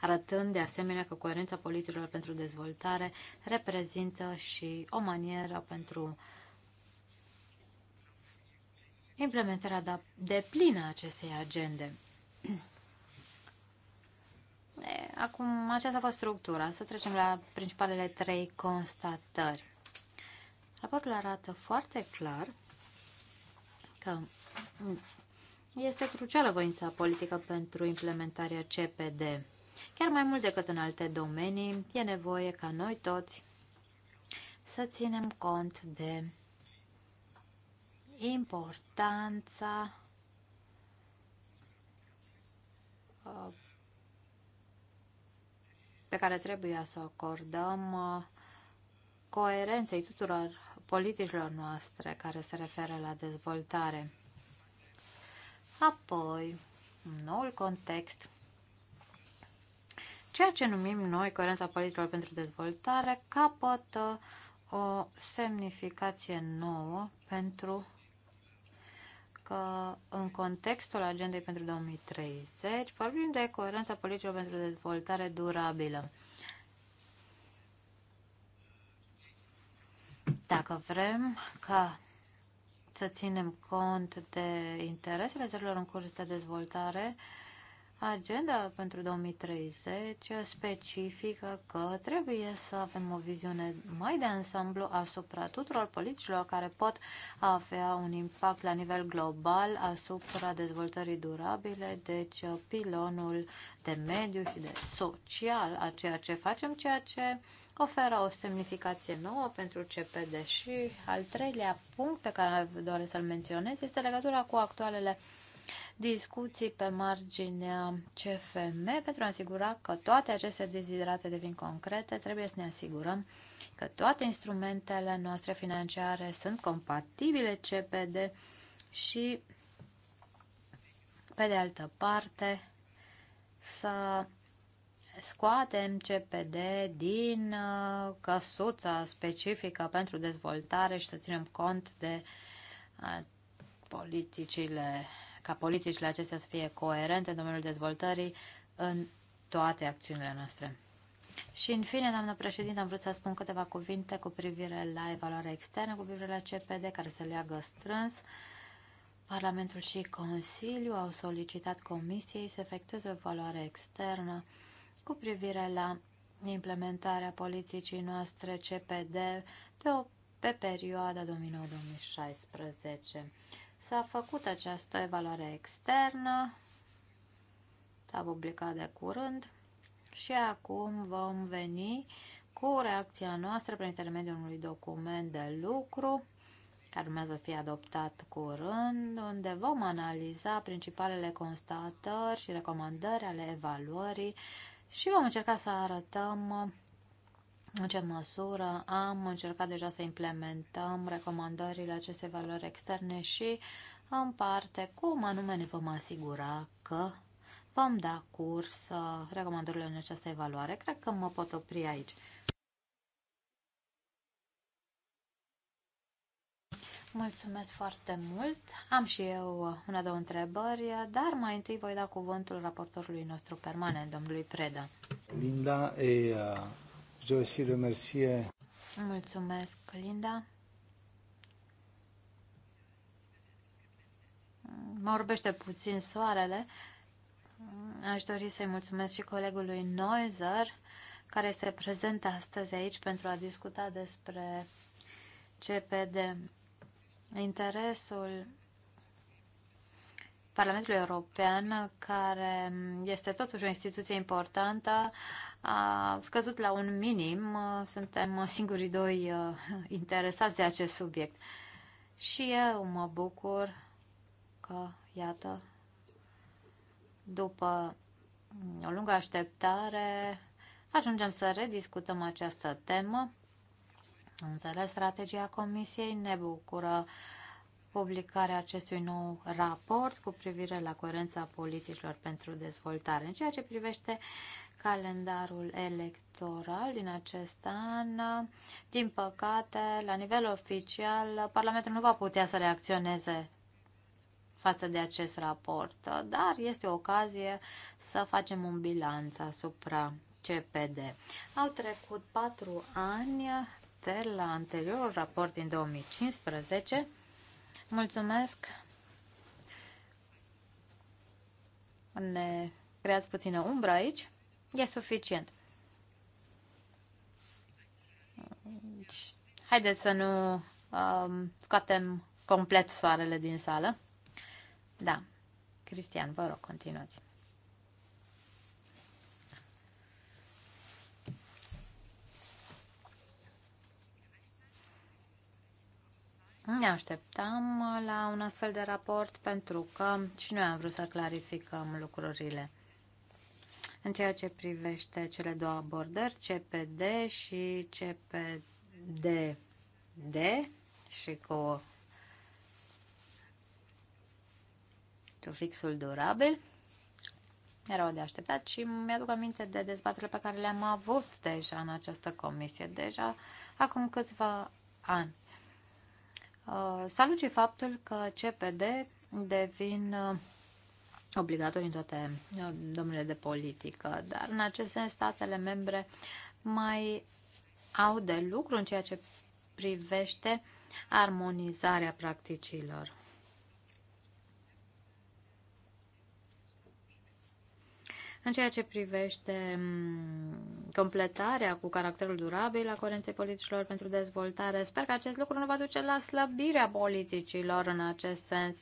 arătând de asemenea că coerența politicilor pentru dezvoltare reprezintă și o manieră pentru implementarea da, de plină acestei agende. Acum, aceasta a fost structura. Să trecem la principalele trei constatări. Raportul arată foarte clar că mm, este crucială voința politică pentru implementarea CPD. Chiar mai mult decât în alte domenii, e nevoie ca noi toți să ținem cont de importanța uh, pe care trebuie să o acordăm uh, coerenței tuturor politicilor noastre care se referă la dezvoltare. Apoi, în noul context, ceea ce numim noi coerența politicilor pentru dezvoltare capătă o semnificație nouă pentru că în contextul agendei pentru 2030 vorbim de coerența politicilor pentru dezvoltare durabilă. Dacă vrem ca să ținem cont de interesele țărilor în curs de dezvoltare, Agenda pentru 2030 specifică că trebuie să avem o viziune mai de ansamblu asupra tuturor politicilor care pot avea un impact la nivel global asupra dezvoltării durabile, deci uh, pilonul de mediu și de social a ceea ce facem, ceea ce oferă o semnificație nouă pentru CPD. Și al treilea punct pe care doresc să-l menționez este legătura cu actualele discuții pe marginea CFM pentru a asigura că toate aceste deziderate devin concrete. Trebuie să ne asigurăm că toate instrumentele noastre financiare sunt compatibile CPD și, pe de altă parte, să scoatem CPD din uh, căsuța specifică pentru dezvoltare și să ținem cont de uh, politicile ca politicile acestea să fie coerente în domeniul dezvoltării în toate acțiunile noastre. Și în fine, doamnă președinte, am vrut să spun câteva cuvinte cu privire la evaluarea externă, cu privire la CPD, care se leagă strâns. Parlamentul și Consiliul au solicitat Comisiei să efectueze o evaluare externă cu privire la implementarea politicii noastre CPD pe, o, pe perioada 2009-2016. S-a făcut această evaluare externă, s-a publicat de curând și acum vom veni cu reacția noastră prin intermediul unui document de lucru care urmează să fie adoptat curând, unde vom analiza principalele constatări și recomandări ale evaluării și vom încerca să arătăm în ce măsură am încercat deja să implementăm recomandările acestei valori externe și în parte cum anume ne vom asigura că vom da curs uh, recomandările în această evaluare. Cred că mă pot opri aici. Mulțumesc foarte mult. Am și eu una, două întrebări, dar mai întâi voi da cuvântul raportorului nostru permanent, domnului Preda. Linda, e, uh, Je aussi Mulțumesc, Linda. Mă orbește puțin soarele. Aș dori să-i mulțumesc și colegului Noizer, care este prezent astăzi aici pentru a discuta despre CPD. Interesul Parlamentul European, care este totuși o instituție importantă, a scăzut la un minim. Suntem singurii doi uh, interesați de acest subiect. Și eu mă bucur că, iată, după o lungă așteptare, ajungem să rediscutăm această temă. Înțeles strategia Comisiei, ne bucură uh, publicarea acestui nou raport cu privire la coerența politicilor pentru dezvoltare. În ceea ce privește calendarul electoral din acest an, din păcate, la nivel oficial, Parlamentul nu va putea să reacționeze față de acest raport, dar este o ocazie să facem un bilanț asupra CPD. Au trecut patru ani de la anteriorul raport din 2015 Mulțumesc. Ne creați puțină umbră aici. E suficient. Deci, haideți să nu um, scoatem complet soarele din sală. Da. Cristian, vă rog, continuați. Ne așteptam la un astfel de raport pentru că și noi am vrut să clarificăm lucrurile. În ceea ce privește cele două abordări, CPD și CPDD și cu fixul durabil, erau de așteptat și mi-aduc aminte de dezbaterile pe care le-am avut deja în această comisie, deja acum câțiva ani. Uh, salut faptul că CPD devin uh, obligatorii în toate uh, domnile de politică, dar în acest sens statele membre mai au de lucru în ceea ce privește armonizarea practicilor. În ceea ce privește mm, completarea cu caracterul durabil a coerenței politicilor pentru dezvoltare, sper că acest lucru nu va duce la slăbirea politicilor în acest sens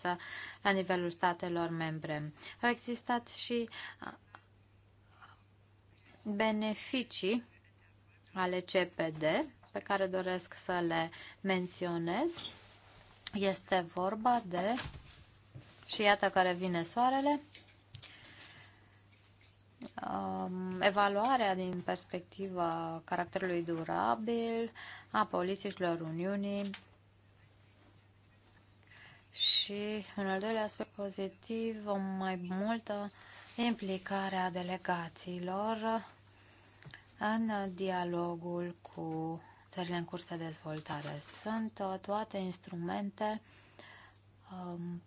la nivelul statelor membre. Au existat și beneficii ale CPD pe care doresc să le menționez. Este vorba de și iată care vine soarele. Um, evaluarea din perspectiva caracterului durabil a politicilor Uniunii și, în al doilea aspect pozitiv, o mai multă implicare a delegațiilor în dialogul cu țările în curs de dezvoltare. Sunt uh, toate instrumente um,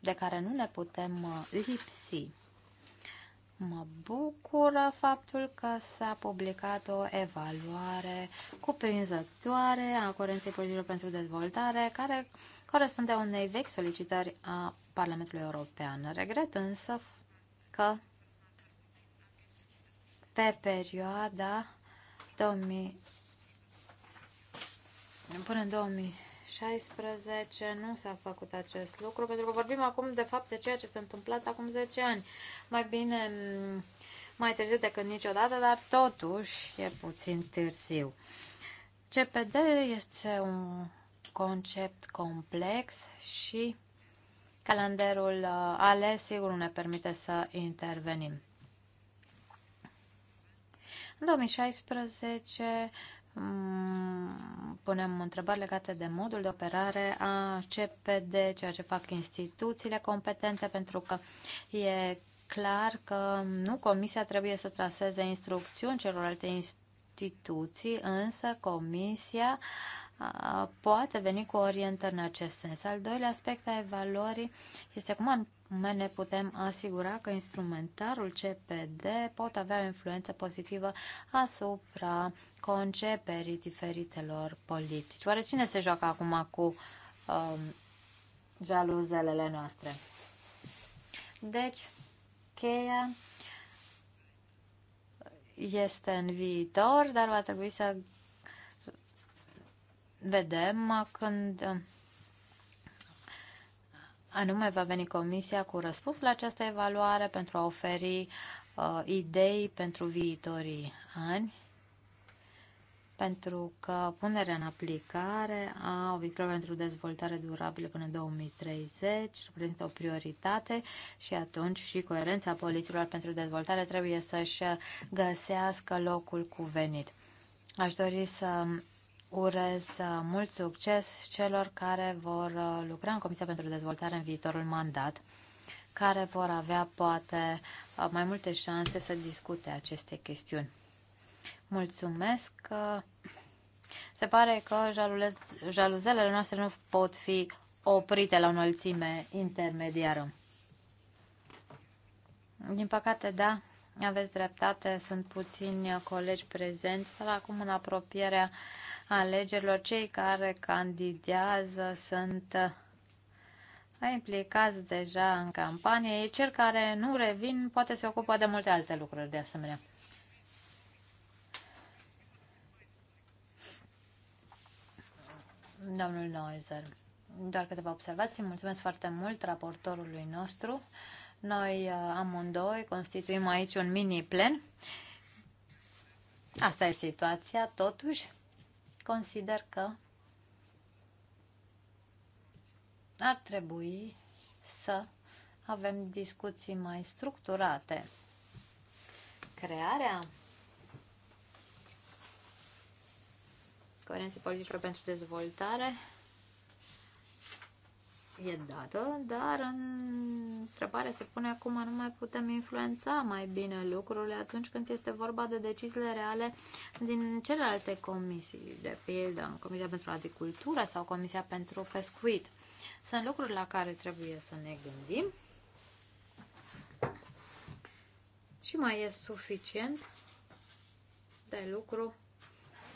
de care nu ne putem uh, lipsi. Mă bucură faptul că s-a publicat o evaluare cuprinzătoare a Curenței politicilor pentru dezvoltare, care corespunde unei vechi solicitări a Parlamentului European. Regret însă că pe perioada 2000, până în 2000 16 nu s-a făcut acest lucru, pentru că vorbim acum de fapt de ceea ce s-a întâmplat acum 10 ani. Mai bine mai târziu decât niciodată, dar totuși e puțin târziu. CPD este un concept complex și calendarul uh, ales sigur ne permite să intervenim. În 2016 Mm, punem întrebări legate de modul de operare a CPD, ceea ce fac instituțiile competente, pentru că e clar că nu comisia trebuie să traseze instrucțiuni celorlalte instituții, însă comisia poate veni cu orientări în acest sens. Al doilea aspect a evaluării este cum ne putem asigura că instrumentarul CPD pot avea o influență pozitivă asupra conceperii diferitelor politici. Oare cine se joacă acum cu um, jaluzelele noastre? Deci, cheia este în viitor, dar va trebui să vedem când anume va veni Comisia cu răspuns la această evaluare pentru a oferi uh, idei pentru viitorii ani, pentru că punerea în aplicare a obiectivelor pentru dezvoltare durabilă până în 2030 reprezintă o prioritate și atunci și coerența politicilor pentru dezvoltare trebuie să-și găsească locul cuvenit. Aș dori să urez uh, mult succes celor care vor uh, lucra în Comisia pentru Dezvoltare în viitorul mandat, care vor avea poate uh, mai multe șanse să discute aceste chestiuni. Mulțumesc! Se pare că jaluzelele noastre nu pot fi oprite la o înălțime intermediară. Din păcate, da, aveți dreptate, sunt puțini colegi prezenți, dar acum în apropierea alegerilor, cei care candidează sunt implicați deja în campanie, cel care nu revin poate se ocupa de multe alte lucruri de asemenea. Domnul Noizer, doar câteva observații. Mulțumesc foarte mult raportorului nostru. Noi amândoi constituim aici un mini-plen. Asta e situația, totuși consider că ar trebui să avem discuții mai structurate. Crearea coerenței politice pentru dezvoltare e dată, dar în întrebarea se pune acum nu mai putem influența mai bine lucrurile atunci când este vorba de deciziile reale din celelalte comisii, de pildă în Comisia pentru Agricultură sau Comisia pentru Pescuit. Sunt lucruri la care trebuie să ne gândim și mai e suficient de lucru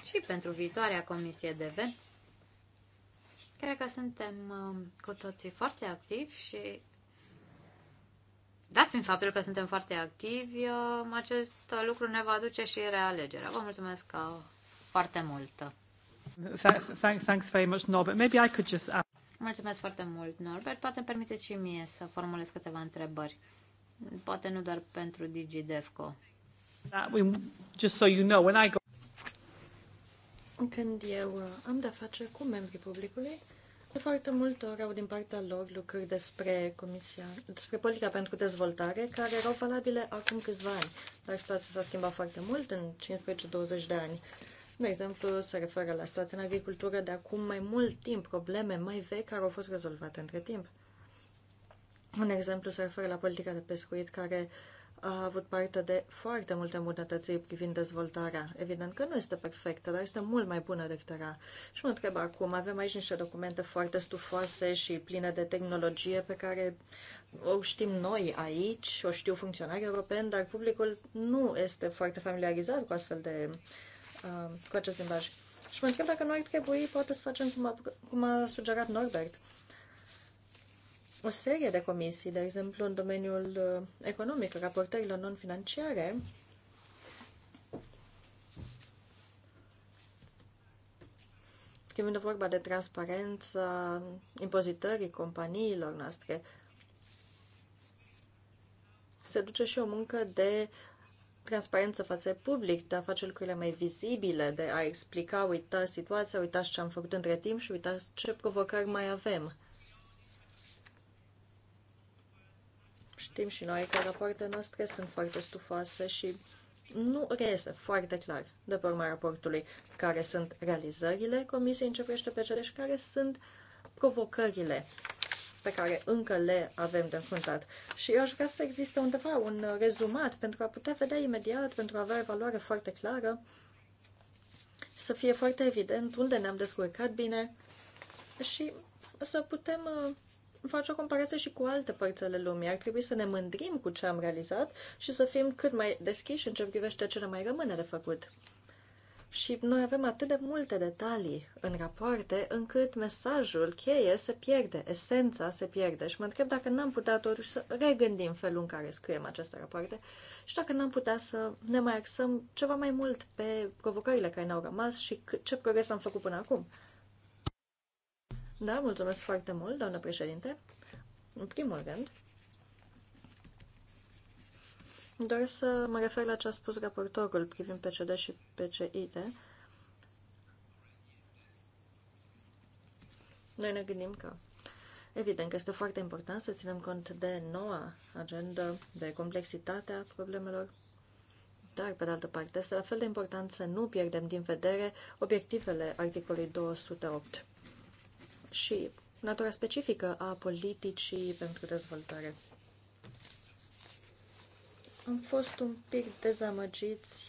și pentru viitoarea comisie de vent Cred că suntem um, cu toții foarte activi și dat fiind faptul că suntem foarte activi, um, acest lucru ne va aduce și realegerea. Vă mulțumesc uh, foarte mult. Thanks very much, Norbert. Maybe I could just ask... Mulțumesc foarte mult, Norbert. Poate îmi permiteți și mie să formulez câteva întrebări. Poate nu doar pentru DigiDevco. Just so you know, when I go... Când eu uh, am de-a face cu membrii publicului, de foarte multe ori au din partea lor lucruri despre, comisia, despre politica pentru dezvoltare, care erau valabile acum câțiva ani. Dar situația s-a schimbat foarte mult în 15-20 de ani. De exemplu, se referă la situația în agricultură de acum mai mult timp, probleme mai vechi care au fost rezolvate între timp. Un exemplu se referă la politica de pescuit, care a avut parte de foarte multe îmbunătățiri privind dezvoltarea. Evident că nu este perfectă, dar este mult mai bună decât era. Și mă întreb acum, avem aici niște documente foarte stufoase și pline de tehnologie pe care o știm noi aici, o știu funcționarii europeni, dar publicul nu este foarte familiarizat cu astfel de cu acest limbaj. Și mă întreb dacă noi ar trebui, poate să facem cum a, cum a sugerat Norbert, o serie de comisii, de exemplu în domeniul uh, economic, raportărilor non-financiare, când vine vorba de transparență impozitării companiilor noastre, se duce și o muncă de transparență față de public, de a face lucrurile mai vizibile, de a explica, uita situația, uitați ce am făcut între timp și uitați ce provocări mai avem. Știm și noi că rapoartele noastre sunt foarte stufoase și nu reiese foarte clar de pe urma raportului care sunt realizările Comisiei începește pe cele și care sunt provocările pe care încă le avem de înfruntat. Și eu aș vrea să existe undeva un rezumat pentru a putea vedea imediat, pentru a avea evaluare foarte clară să fie foarte evident unde ne-am descurcat bine și să putem uh, face o comparație și cu alte părți ale lumii. Ar trebui să ne mândrim cu ce am realizat și să fim cât mai deschiși în ce privește ce ne mai rămâne de făcut. Și noi avem atât de multe detalii în rapoarte încât mesajul cheie se pierde, esența se pierde și mă întreb dacă n-am putea totuși să regândim felul în care scriem aceste rapoarte și dacă n-am putea să ne mai axăm ceva mai mult pe provocările care ne-au rămas și ce progres am făcut până acum. Da, mulțumesc foarte mult, doamnă președinte. În primul rând, doresc să mă refer la ce a spus raportorul privind PCD și PCID. Noi ne gândim că, evident, că este foarte important să ținem cont de noua agendă, de complexitatea problemelor, dar, pe de altă parte, este la fel de important să nu pierdem din vedere obiectivele articolului 208 și natura specifică a politicii pentru dezvoltare. Am fost un pic dezamăgiți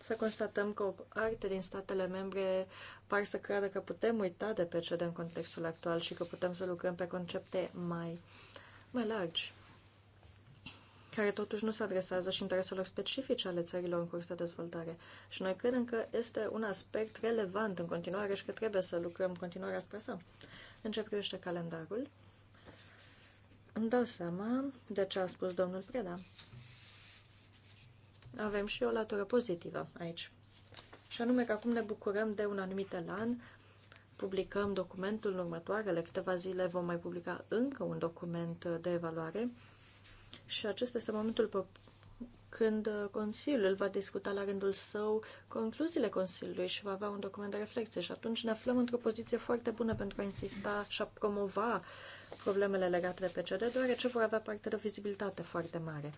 să constatăm că o parte din statele membre par să creadă că putem uita de ce în contextul actual și că putem să lucrăm pe concepte mai, mai largi care totuși nu se adresează și intereselor specifice ale țărilor în curs de dezvoltare. Și noi credem că este un aspect relevant în continuare și că trebuie să lucrăm în continuare asupra sa. În ce privește calendarul, îmi dau seama de ce a spus domnul Preda. Avem și o latură pozitivă aici. Și anume că acum ne bucurăm de un anumit elan, publicăm documentul în următoarele câteva zile, vom mai publica încă un document de evaluare, și acesta este momentul când uh, Consiliul va discuta la rândul său concluziile Consiliului și va avea un document de reflexie. Și atunci ne aflăm într-o poziție foarte bună pentru a insista și a promova problemele legate de PCR, deoarece vor avea parte de o vizibilitate foarte mare.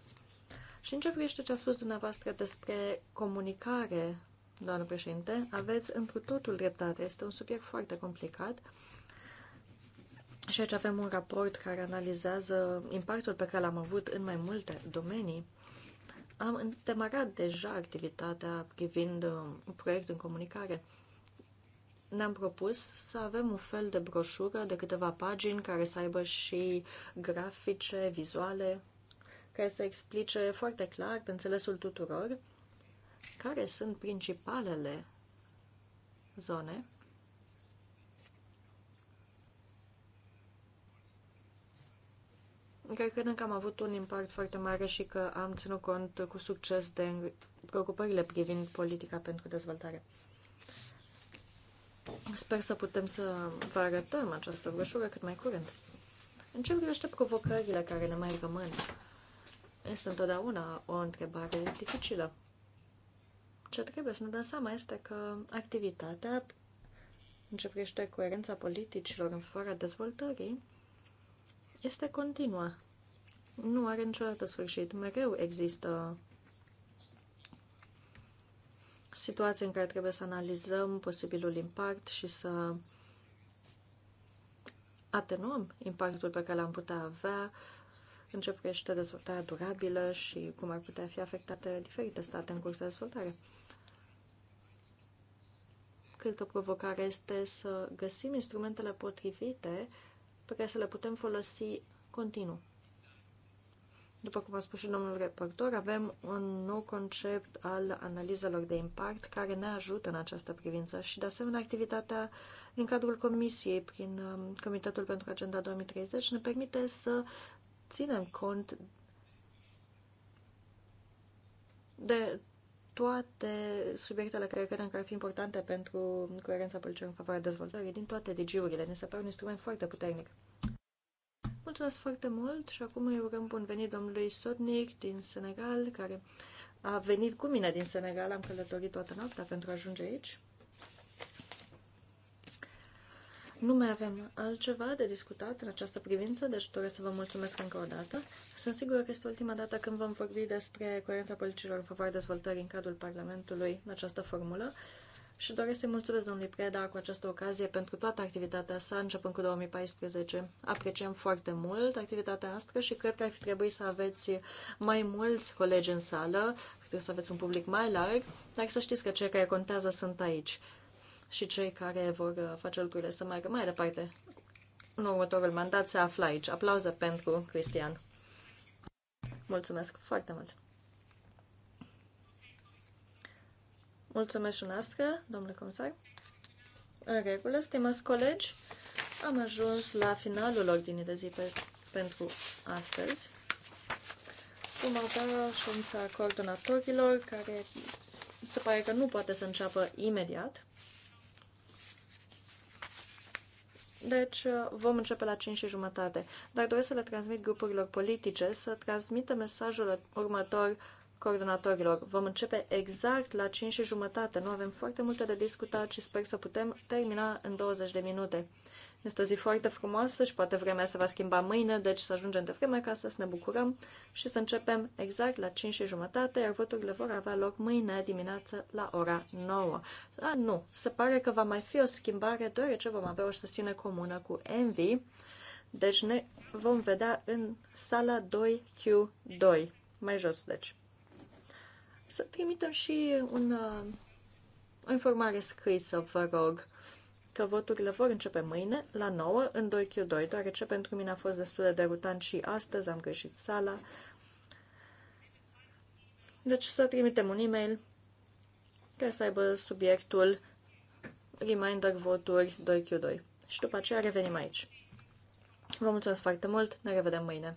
Și în ce privește ce a spus dumneavoastră despre comunicare, doamnă președinte, aveți întru totul dreptate. Este un subiect foarte complicat și aici avem un raport care analizează impactul pe care l-am avut în mai multe domenii. Am demarat deja activitatea privind un uh, proiect în comunicare. Ne-am propus să avem un fel de broșură de câteva pagini care să aibă și grafice, vizuale, care să explice foarte clar, pe înțelesul tuturor, care sunt principalele zone Cred că am avut un impact foarte mare și că am ținut cont cu succes de preocupările privind politica pentru dezvoltare. Sper să putem să vă arătăm această broșură cât mai curând. În ce privește provocările care ne mai rămân, este întotdeauna o întrebare dificilă. Ce trebuie să ne dăm seama este că activitatea în ce privește coerența politicilor în fara dezvoltării este continuă. Nu are niciodată sfârșit. Mereu există situații în care trebuie să analizăm posibilul impact și să atenuăm impactul pe care l-am putea avea în ce privește dezvoltarea durabilă și cum ar putea fi afectate diferite state în curs de dezvoltare. Cred că provocarea este să găsim instrumentele potrivite pe care să le putem folosi continuu. După cum a spus și domnul reportor, avem un nou concept al analizelor de impact care ne ajută în această privință și, de asemenea, activitatea din cadrul Comisiei prin um, Comitetul pentru Agenda 2030 ne permite să ținem cont de toate subiectele care credem că ar fi importante pentru coerența politică în favoarea dezvoltării din toate DG-urile. Ne se pare un instrument foarte puternic. Mulțumesc foarte mult și acum îi urăm bun venit domnului Sodnic din Senegal, care a venit cu mine din Senegal. Am călătorit toată noaptea pentru a ajunge aici. Nu mai avem altceva de discutat în această privință, deci doresc să vă mulțumesc încă o dată. Sunt sigură că este ultima dată când vom vorbi despre coerența politicilor în favoarea dezvoltării în cadrul Parlamentului în această formulă și doresc să-i mulțumesc domnului Preda cu această ocazie pentru toată activitatea sa începând cu 2014. Apreciem foarte mult activitatea noastră și cred că ar fi trebuit să aveți mai mulți colegi în sală, trebuie să aveți un public mai larg, dar să știți că cei care contează sunt aici și cei care vor uh, face lucrurile să meargă mai departe în următorul mandat se află aici. Aplauză pentru Cristian. Mulțumesc foarte mult! Mulțumesc și noastră, domnule comisar. În regulă, stimați colegi, am ajuns la finalul ordinii de zi pe, pentru astăzi. Vom avea ședința coordonatorilor, care se pare că nu poate să înceapă imediat. Deci uh, vom începe la 5 și jumătate. Dar doresc să le transmit grupurilor politice să transmită mesajul următor coordonatorilor. Vom începe exact la 5 și jumătate. Nu avem foarte multe de discutat și sper să putem termina în 20 de minute. Este o zi foarte frumoasă și poate vremea se va schimba mâine, deci să ajungem de vreme ca să ne bucurăm și să începem exact la 5 și jumătate, iar voturile vor avea loc mâine dimineață la ora 9. A, nu, se pare că va mai fi o schimbare deoarece vom avea o sesiune comună cu Envy, deci ne vom vedea în sala 2Q2, mai jos deci. Să trimitem și un, uh, o informare scrisă, vă rog că voturile vor începe mâine la 9 în 2Q2, deoarece pentru mine a fost destul de derutant și astăzi am greșit sala. Deci să trimitem un e-mail care să aibă subiectul Reminder voturi 2Q2 și după aceea revenim aici. Vă mulțumesc foarte mult, ne revedem mâine!